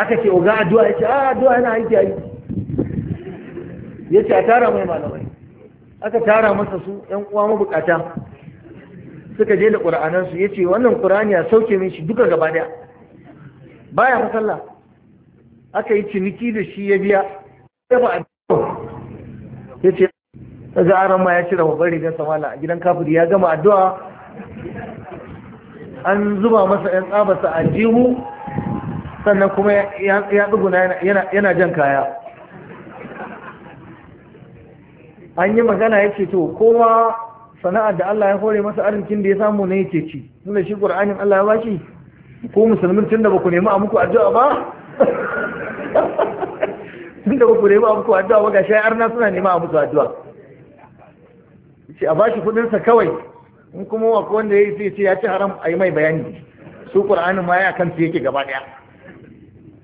aka ce oga addu'a yace a ah, addu'a yana aiki ai yace a tara mai malamai aka tara masa su ƴan uwa mabukata suka je da ƙur'anansu ya ce wannan ƙur'ani ya sauke min shi duka gaba ɗaya baya masalla aka yi ciniki da shi ya biya ya ba a ce ga aran ma ya cire babban rigar samala a gidan kafiri ya gama addu'a an zuba masa ‘yan tsabasa a jihu sannan kuma ya tsuguna yana jan kaya an yi magana ya ce to kowa sana'ar da Allah ya hore masa arzikin da ya samu ne yake ci tunda shi ƙur'anin Allah ya bashi ko musulmin tun da ba ku nemi a muku addu'a ba <laughs> tun da ba ku nemi a muku addu'a ba ga shayar na suna nema a muku addu'a shi a bashi kudinsa kawai in kuma wa wanda ya yi ce ya ci haram a yi mai bayani su ƙur'anin ma ya kan yake gaba ɗaya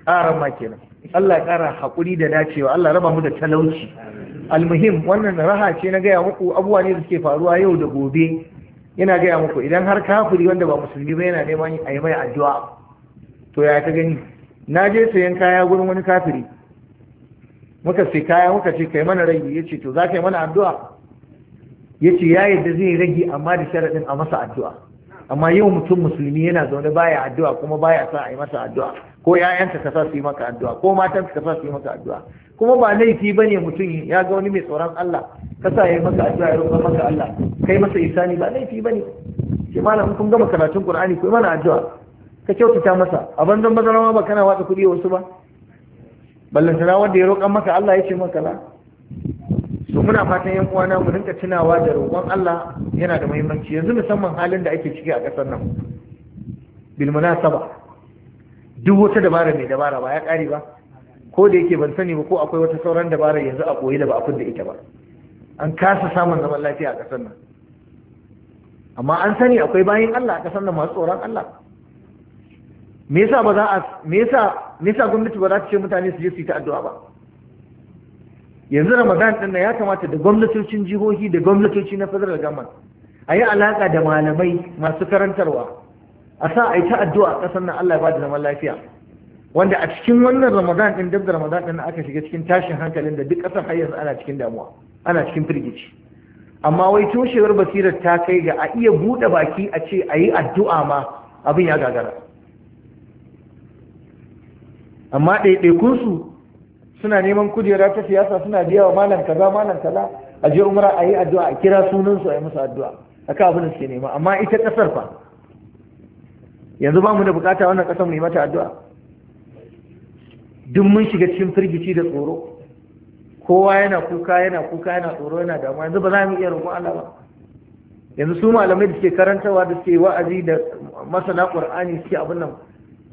ƙaran ma kenan Allah ya ƙara haƙuri da dacewa Allah raba mu da talauci almuhim wannan raha ce na gaya muku abubuwa ne da suke faruwa yau da gobe yana gaya muku idan har kafiri wanda ba musulmi ba yana neman a yi mai addu'a to ya ta gani na je sayan kaya gurin wani kafiri muka sai kaya muka ce kai mana rai ya ce to za ka yi mana addu'a yace ya yadda zai rage amma da sharaɗin a masa addu'a amma yau mutum musulmi yana zaune baya addu'a kuma baya sa a yi masa addu'a ko ƴaƴanka ka sa su yi maka addu'a ko matanka ka sa su yi maka addu'a kuma ba laifi bane mutum ya ga wani mai tsoron Allah ka sa ya yi maka addu'a ya roƙa maka Allah kai masa isani ba laifi bane ke malam kun gama karatun Qur'ani ku yi mana addu'a ka kyautata masa a don bazara ma ba kana watsa kuɗi wasu ba ballantana wanda ya roƙa maka Allah ya ce maka na? muna fatan yan uwana mu dinka tunawa da roƙon Allah yana da muhimmanci yanzu musamman halin da ake ciki a ƙasar nan bil munasaba duk wata dabara mai dabara ba ya ƙare ba ko da yake ban sani ba ko akwai wata sauran dabara yanzu a koyi da ba a da ita ba an kasa samun zaman lafiya a ƙasar nan amma an sani akwai bayin Allah a ƙasar nan masu tsoron Allah me yasa ba za a me yasa me yasa gwamnati ba za ta ce mutane su je su yi ta addu'a ba yanzu ramadan ɗin ya kamata da gwamnatocin jihohi da gwamnatoci na federal government a yi alaƙa da malamai masu karantarwa a sa a yi ta addu'a a ƙasar nan Allah ya bada zaman lafiya wanda a cikin wannan ramadan ɗin dab da ramadan ɗin aka shiga cikin tashin hankalin da duk ƙasar har yanzu ana cikin damuwa ana cikin firgici amma wai toshewar basirar ta kai ga a iya buɗe baki a ce a yi addu'a ma abin ya gagara amma ɗaiɗaikunsu suna neman kujera ta siyasa suna biya wa malam kaza malam kaza a je umra a yi addu'a a kira sunan su a yi musu addu'a haka abin da suke nema amma ita kasar fa yanzu ba mu da bukata wannan kasar mu yi mata addu'a duk mun shiga cikin firgici da tsoro kowa yana kuka yana kuka yana tsoro yana damuwa yanzu ba za mu iya roƙon Allah ba yanzu su malamai da suke karantawa da suke wa'azi da masana qur'ani suke abin nan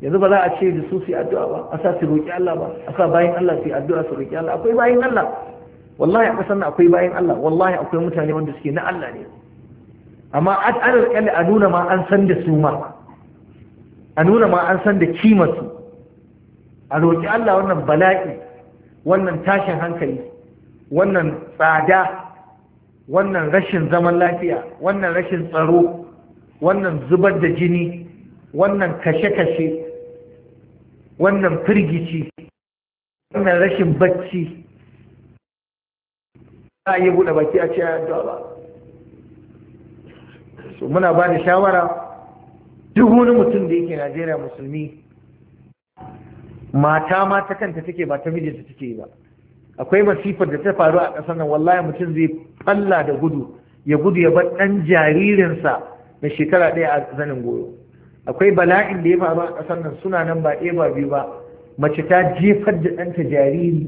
yanzu ba za a ce da su su addu'a ba a sa su roƙi Allah ba a sa bayan Allah su addu'a su roƙi Allah akwai bayan Allah wallahi a ƙasar nan akwai bayan Allah wallahi akwai mutane wanda suke na Allah ne amma an alƙali a nuna ma an san da su ma a nuna ma an san da kimar su a roƙi Allah wannan bala'i wannan tashin hankali wannan tsada wannan rashin zaman lafiya wannan rashin tsaro wannan zubar da jini wannan kashe-kashe wannan firgici wannan rashin bacci za a yi buɗe baki a ciyar da ba so muna ba da shawara duk wani mutum da yake najeriya musulmi mata ma ta kanta take ba ta mijinta take ba akwai masifar da ta faru a ƙasar nan wallahi mutum zai falla da gudu ya gudu ya bar ɗan jaririnsa na shekara ɗaya a zanin goyo akwai bala'in da ya faru a ƙasar nan suna nan ba ɗaya ba biyu ba mace ta jefar da ɗanta jariri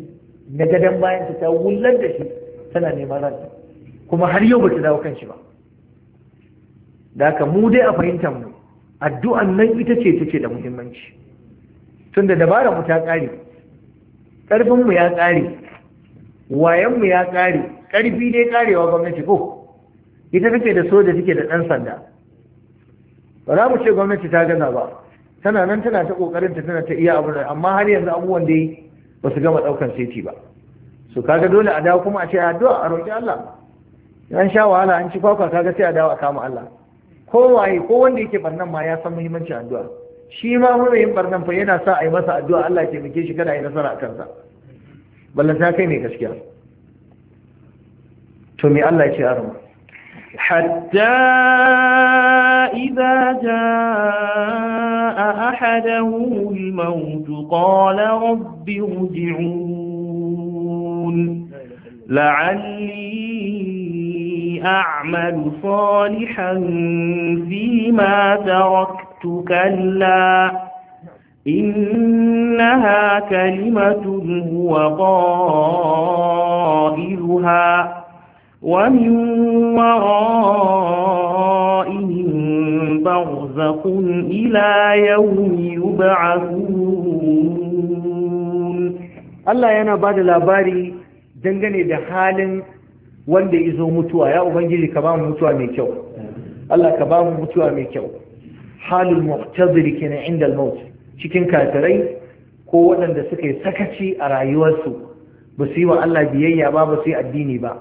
na gadon bayan ta wullar da shi tana neman ranta kuma har yau ta dawo kan shi ba da haka mu dai a fahimtar mu addu'an nan ita ce take da muhimmanci tunda dabara mu ta ƙare ƙarfin mu ya ƙare wayan mu ya ƙare ƙarfi dai ƙarewa gwamnati ko ita take da so da take da ɗan sanda ba za mu ce gwamnati ta gana ba tana nan tana ta kokarin ta tana ta iya abin amma har yanzu abubuwan dai ba su gama daukan seti ba so kaga dole a dawo kuma a ce addu'a a roƙi Allah an sha wahala an ci kwakwa kaga sai a dawo a kama Allah ko waye ko wanda yake barnan ma ya san muhimmancin addu'a shi ma muna yin barnan fa yana sa a yi masa addu'a Allah ke muke shi kada yi nasara a kansa ballan ta kai ne gaskiya to me Allah ya ce a حتى إذا جاء أحدهم الموت قال رب ارجعون لعلي أعمل صالحا فيما تركت كلا إنها كلمة هو قائلها ومن ورائهم برزق إلى يوم يبعثون الله ينا بعد الأباري dangane da halin wanda izo mutuwa ya ubangiji ka ba mu mutuwa mai kyau Allah ka ba mu mutuwa mai kyau halul muqtadir kenan inda al-maut cikin kafirai ko waɗanda suka yi sakaci a rayuwarsu ba su yi wa Allah biyayya ba ba su yi addini ba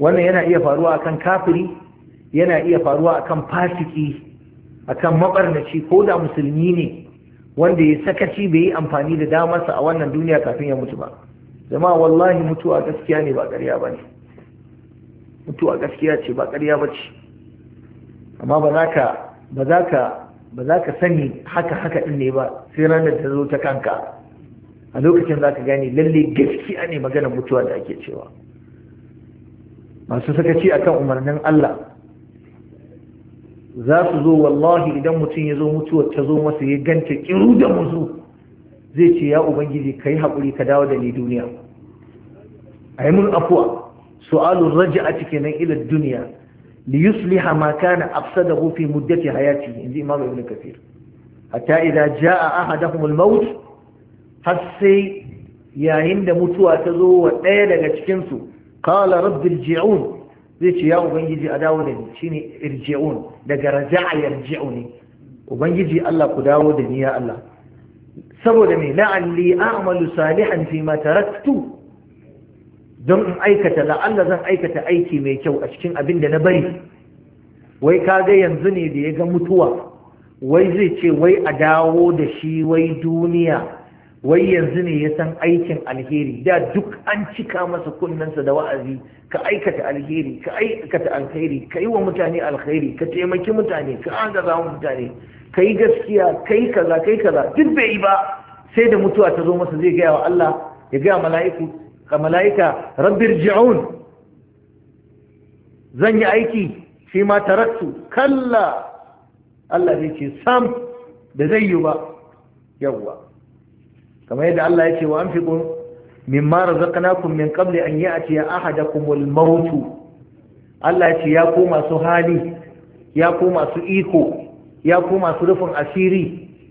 wannan yana iya faruwa akan kafiri yana iya faruwa akan fasiki akan mabarnaci ko da musulmi ne wanda ya sakaci bai yi amfani da damarsa a wannan duniya kafin ya mutu ba jama'a wallahi mutuwa gaskiya ne ba ƙarya ba ne mutuwa gaskiya ce ba ƙarya ba ce amma ba za ka ba za ka ba za ka sani haka haka din ne ba sai ranar ta zo ta kanka a lokacin za ka gane lalle gaskiya ne maganar mutuwa da ake cewa masu sakaci akan umarnin Allah za su zo wallahi idan mutum ya zo mutuwar ta zo masa ya ganta kiru da musu zai ce ya ubangiji ka yi haƙuri ka dawo da ni duniya a yi mun afuwa su'alun raja a cikin nan ilar duniya li yusliha ma afsa da fi muddati hayati inji imam ibn kafir hatta a jaa ahaduhum al-maut har sai yayin da mutuwa ta zo wa ɗaya daga cikinsu. qala rabbi irji'un zai ce ya ubangiji a dawo da ni shine irji'un daga raja'a yarji'uni ubangiji Allah ku dawo da ni ya Allah saboda me la'alli a'malu salihan fi ma taraktu don in aikata la'alla zan aikata aiki mai kyau a cikin abin da na bari wai kaga yanzu ne da ya ga mutuwa wai zai ce wai a dawo da shi wai duniya wai yanzu ne ya san aikin alheri da duk an cika masa kunnensa da wa'azi ka aikata alheri ka aikata alheri ka yi wa mutane alheri ka taimaki mutane ka agaza wa mutane ka yi gaskiya ka yi kaza ka yi kaza duk bai yi ba sai da mutuwa ta zo masa zai gaya wa Allah ya gaya mala'iku ka mala'ika rabbir ji'un zan yi aiki shi ma tarattu kalla Allah zai ce sam da zai yi ba yawwa kamar yadda Allah ya ce wa anfiqu mimma razaqnakum min qabli an ya'tiya ahadakumul maut Allah ya ce ya ko masu hali ya ko masu iko ya ko masu rufin asiri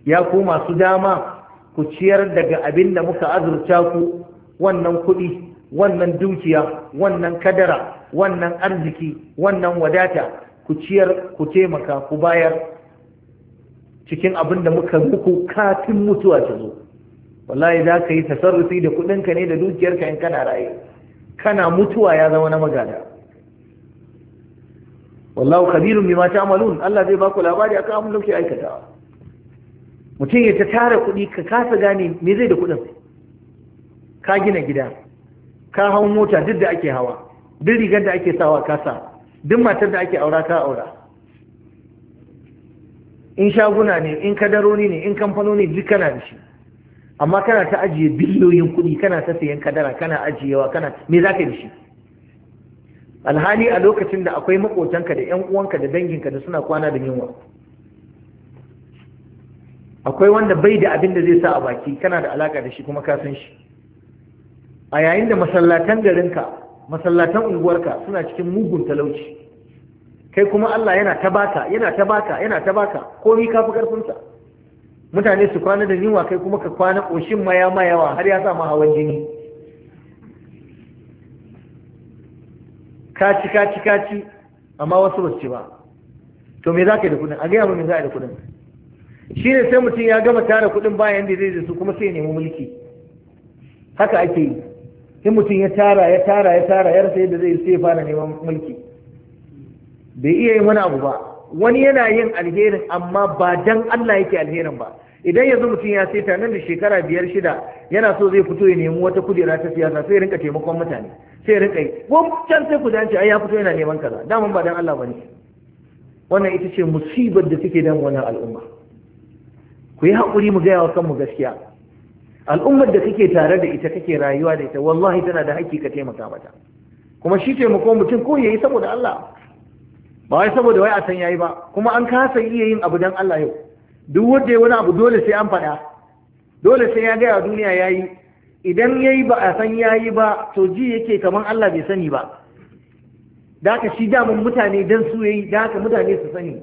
ya ko masu dama ku ciyar daga abin da muka azurta ku wannan kuɗi wannan dukiya wannan kadara wannan arziki wannan wadata ku ciyar ku taimaka ku bayar cikin abin da muka muku kafin mutuwa ta zo wallahi za ka yi tasarrufi da kuɗinka ne da dukiyarka in kana raye kana mutuwa ya zama na magada wallahu kabirun bima ta'malun Allah zai baku labari akan abin da kake aikatawa mutum ya ta tara kuɗi ka kasa gane me zai da kudin ka gina gida ka hau mota duk da ake hawa duk rigar da ake sawa ka sa duk matar da ake aura ka aura in shaguna ne in kadaroni ne in kamfanoni duk kana da shi amma kana ta ajiye biliyoyin kuɗi kana ta sayan kadara kana ajiyewa kana me za ka yi shi alhali a lokacin da akwai makotanka da yan uwanka da danginka da suna kwana da yunwa akwai wanda bai da abin da zai sa a baki kana da alaka da shi kuma ka san shi a yayin da masallatan garinka masallatan unguwarka suna cikin mugun talauci kai kuma Allah yana ta baka yana ta baka yana ta baka komai kafi karfinsa mutane su kwana da yunwa kai kuma ka kwana ƙoshin maya mayawa har ya samu hawan jini kaci kaci kaci amma wasu ba su ci ba to me za ka yi da kuɗin a gaya min me za a yi da kuɗin shi ne sai mutum ya gama tara kuɗin bayan da zai da su kuma sai ya nemi mulki haka ake yi in mutum ya tara ya tara ya tara ya rasa yadda zai yi sai ya fara neman mulki bai iya yin wani abu ba wani yana yin alherin amma ba dan Allah yake alherin ba idan yanzu mutum ya sai tanan da shekara biyar shida yana so zai fito ya nemi wata kujera ta siyasa sai rinka taimakon mutane sai rinka yi ko can sai ku dace ai ya fito yana neman kaza daman ba dan Allah bane wannan ita ce musibar da take dan wannan al'umma ku yi hakuri mu gaya wa kanmu gaskiya al'ummar da kake tare da ita kake rayuwa da ita wallahi tana da haƙƙi ka taimaka mata kuma shi taimako mutum ko yayi saboda Allah ba wai saboda wai a san yayi ba kuma an kasa iya yin abu dan Allah yau duk wanda ya wani abu dole sai an faɗa dole sai ya gaya duniya ya yi idan ya yi ba a san ya yi ba to ji yake kamar Allah bai sani ba da aka shi damun mutane don su ya yi da aka mutane su sani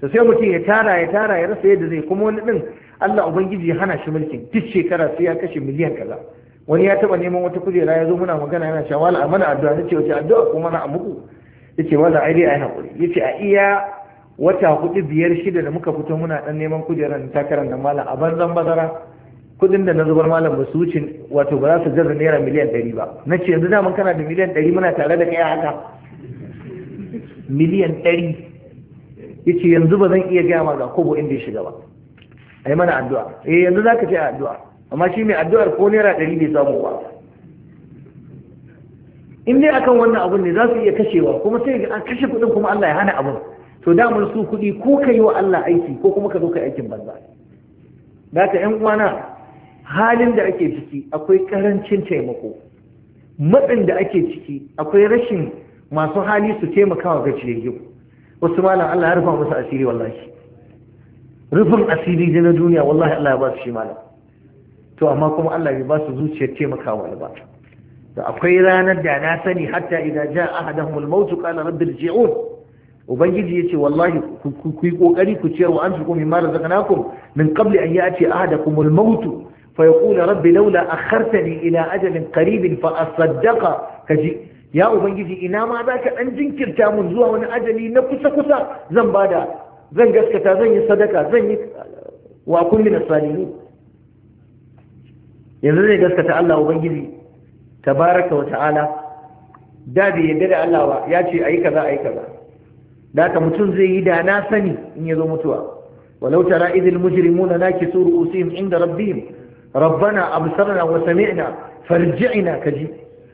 to sai mutum ya tara ya tara ya rasa yadda zai kuma wani ɗin Allah Ubangiji ya hana shi mulkin duk shekara sai ya kashe miliyan kaza wani ya taba neman wata kujera ya zo muna magana yana cewa wala a mana addu'a nace wace addu'a kuma na a yace wala aidi ai hakuri yace a iya wata hudu biyar shida da muka fito muna ɗan neman kujerar takarar da malam a banzan bazara kuɗin da na zubar malam ba su wuce wato ba za su jarra naira miliyan ɗari ba na ce yanzu daman kana da miliyan ɗari muna tare da kai haka miliyan ɗari ya ce yanzu ba zan iya gaya ma ga kobo inda ya shiga ba a yi mana addu'a eh yanzu za ka ce addu'a amma shi mai addu'ar ko naira ɗari bai samu ba in dai akan wannan abun ne za su iya kashewa kuma sai an kashe kuɗin kuma Allah ya hana abun to damar su kuɗi ko ka yi wa Allah aiki ko kuma ka zo ka aikin banza da ka ƴan uwana halin da ake ciki akwai ƙarancin taimako matsin da ake ciki akwai rashin masu hali su taimaka wa yau. wasu malam Allah ya rufa musu asiri wallahi rufin asiri na duniya wallahi Allah ya ba su shi malam to amma kuma Allah bai ba su zuciyar taimakawa ba akwai ranar da na sani hatta idan ja ahadahumul maut qala rabbi irji'un ubangiji ya ce wallahi ku yi kokari ku ciyar wa anfiqu mimma razaqnakum min qabli an ya'ti ahadakum al-maut fa ya kula rabbi laula a akhartani ila ajalin karibin fa a asaddaqa kaji ya ubangiji ina ma za ka dan jinkirta mun zuwa wani ajali na kusa kusa zan bada zan gaskata zan yi sadaka zan yi wa kun min yanzu zai gaskata Allah ubangiji tabaraka wa ta'ala da bai yarda da Allah ba ya ce ayi kaza ayi kaza da ka mutum zai yi da na sani in ya zo mutuwa walau tara idil mujrimuna nakisu ru'usihim inda rabbihim rabbana absarna wa sami'na farji'na kaji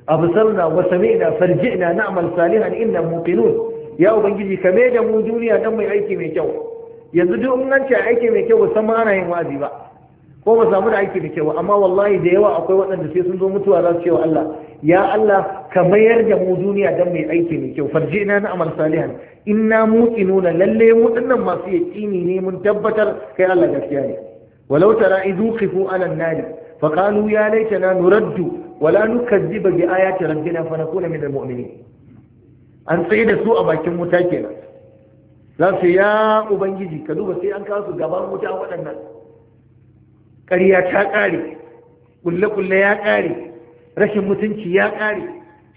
absarna wa sami'na farji'na na'mal salihan inna muqinun ya ubangiji ka da mu duniya dan mai aiki mai kyau yanzu duk in an ce aiki mai kyau ba san ma ana yin wazi ba ko ba samu da aiki da kyau amma wallahi da yawa akwai waɗanda sai sun zo mutuwa za su ce wa Allah ya Allah ka mayar da mu duniya don mai aiki mai kyau farji ina na amal salihan inna muqinuna lalle mu dinnan masu yaqini ne mun tabbatar kai Allah gaskiya ne walau tara idhu qifu ala an-nar fa qalu ya laitana nuraddu wala nukazziba bi ayati rabbina fa nakuna min al-mu'minin an tsaye da su a bakin wuta kenan za su ya ubangiji ka duba sai an kawo su gaban wuta waɗannan ƙarya ta ƙare ƙulle-ƙulle ya ƙare rashin mutunci ya ƙare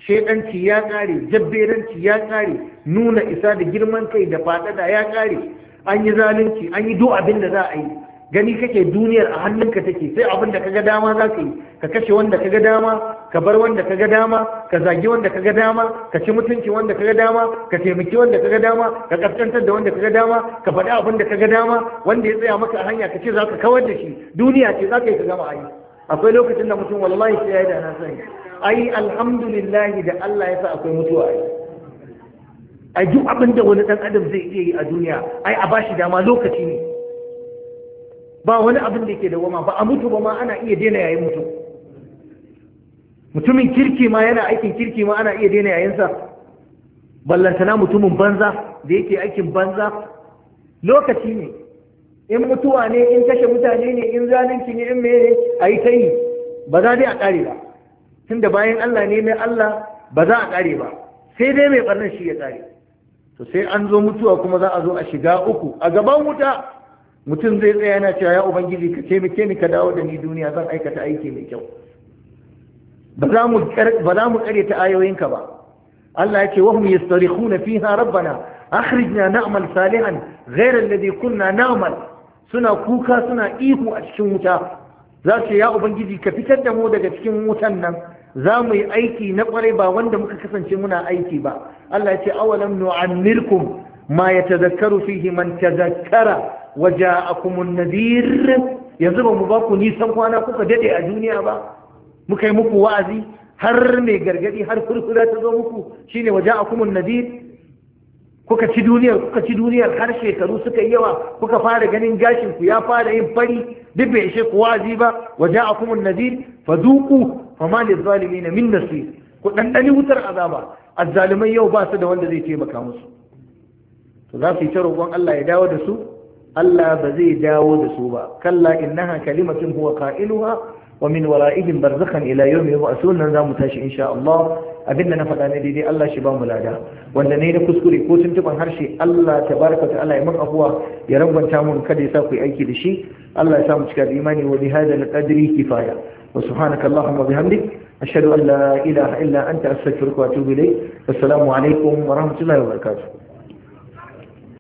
shaidanci ya ƙare jabberanci ya ƙare nuna isa da girman kai da faɗaɗa ya ƙare an yi zalunci an yi duk abin da za a yi gani kake duniyar a hannunka take sai abin da kaga dama za ka yi ka kashe wanda kaga dama ka bar wanda kaga dama ka zagi wanda kaga dama ka ci mutunci wanda kaga dama ka taimaki wanda kaga dama ka kaskantar da wanda kaga dama ka faɗi abin da kaga dama wanda ya tsaya maka a hanya ka ce za ka kawar da shi duniya ce za ka yi ka gama ayi akwai lokacin da mutum wallahi sai ya yi da na sani ai alhamdulillah da Allah ya sa akwai mutuwa ai ai duk abin da wani ɗan adam zai iya yi a duniya ai a bashi dama lokaci ne ba wani abin da yake dawoma ba a mutu ba ma ana iya daina yayin mutu mutumin kirki ma yana aikin kirki ma ana iya daina yayinsa ballantana mutumin banza da yake aikin banza lokaci ne in mutuwa ne in kashe mutane ne in zalunci ne in mene a yi ta yi ba za dai a ƙare ba tunda bayan Allah ne mai Allah ba za a ƙare ba sai dai mai ɓarnar shi ya ƙare to sai an zo mutuwa kuma za a zo a shiga uku a gaban wuta mutum zai tsaya yana cewa ya ubangiji ka taimake ni ka dawo da ni duniya zan aikata aiki mai kyau ba za mu kare ta ayoyinka ba Allah ya ce wa hum yastarikhuna fiha rabbana akhrijna na'mal salihan ghayra alladhi kunna na'mal suna kuka suna ihu a cikin wuta za su ya ubangiji ka fitar da mu daga cikin wutan nan za mu yi aiki na kwarai ba wanda muka kasance muna aiki ba Allah ya ce awalam nu'ammirkum ma yatazakkaru fihi man tazakkara waja'akumun nadir yanzu ba mu ba ku nisan kwana kuka dade a duniya ba muka yi muku wa'azi har mai gargadi har kurkura ta zo muku shine waja'akumun nadir kuka ci duniyar kuka ci duniyar har shekaru suka yi yawa kuka fara ganin gashin ku ya fara yin fari duk bai ishe ku wa'azi ba waja'akumun ma ne fama na min nasi ku dandani wutar azaba azzalumai yau ba su da wanda zai taimaka musu to za su yi ta roƙon Allah ya dawo da su Allah ba zai dawo da su ba kalla innaha kalimatun huwa qailuha wa min wara'ihim barzakhan ila yawmi yub'asun nan zamu tashi insha Allah abinda na faɗa ne daidai Allah shi ba mu lada wanda ne da kuskure ko tuntuban harshe Allah tabaraka ta'ala ya mun afuwa ya rangwanta mun kada ya sa ku aiki da shi Allah ya sa mu cika da imani wa bi hadha al-qadri kifaya wa subhanaka allahumma bihamdik ashhadu an la ilaha illa anta astaghfiruka wa atubu ilayk assalamu alaikum wa rahmatullahi wa barakatuh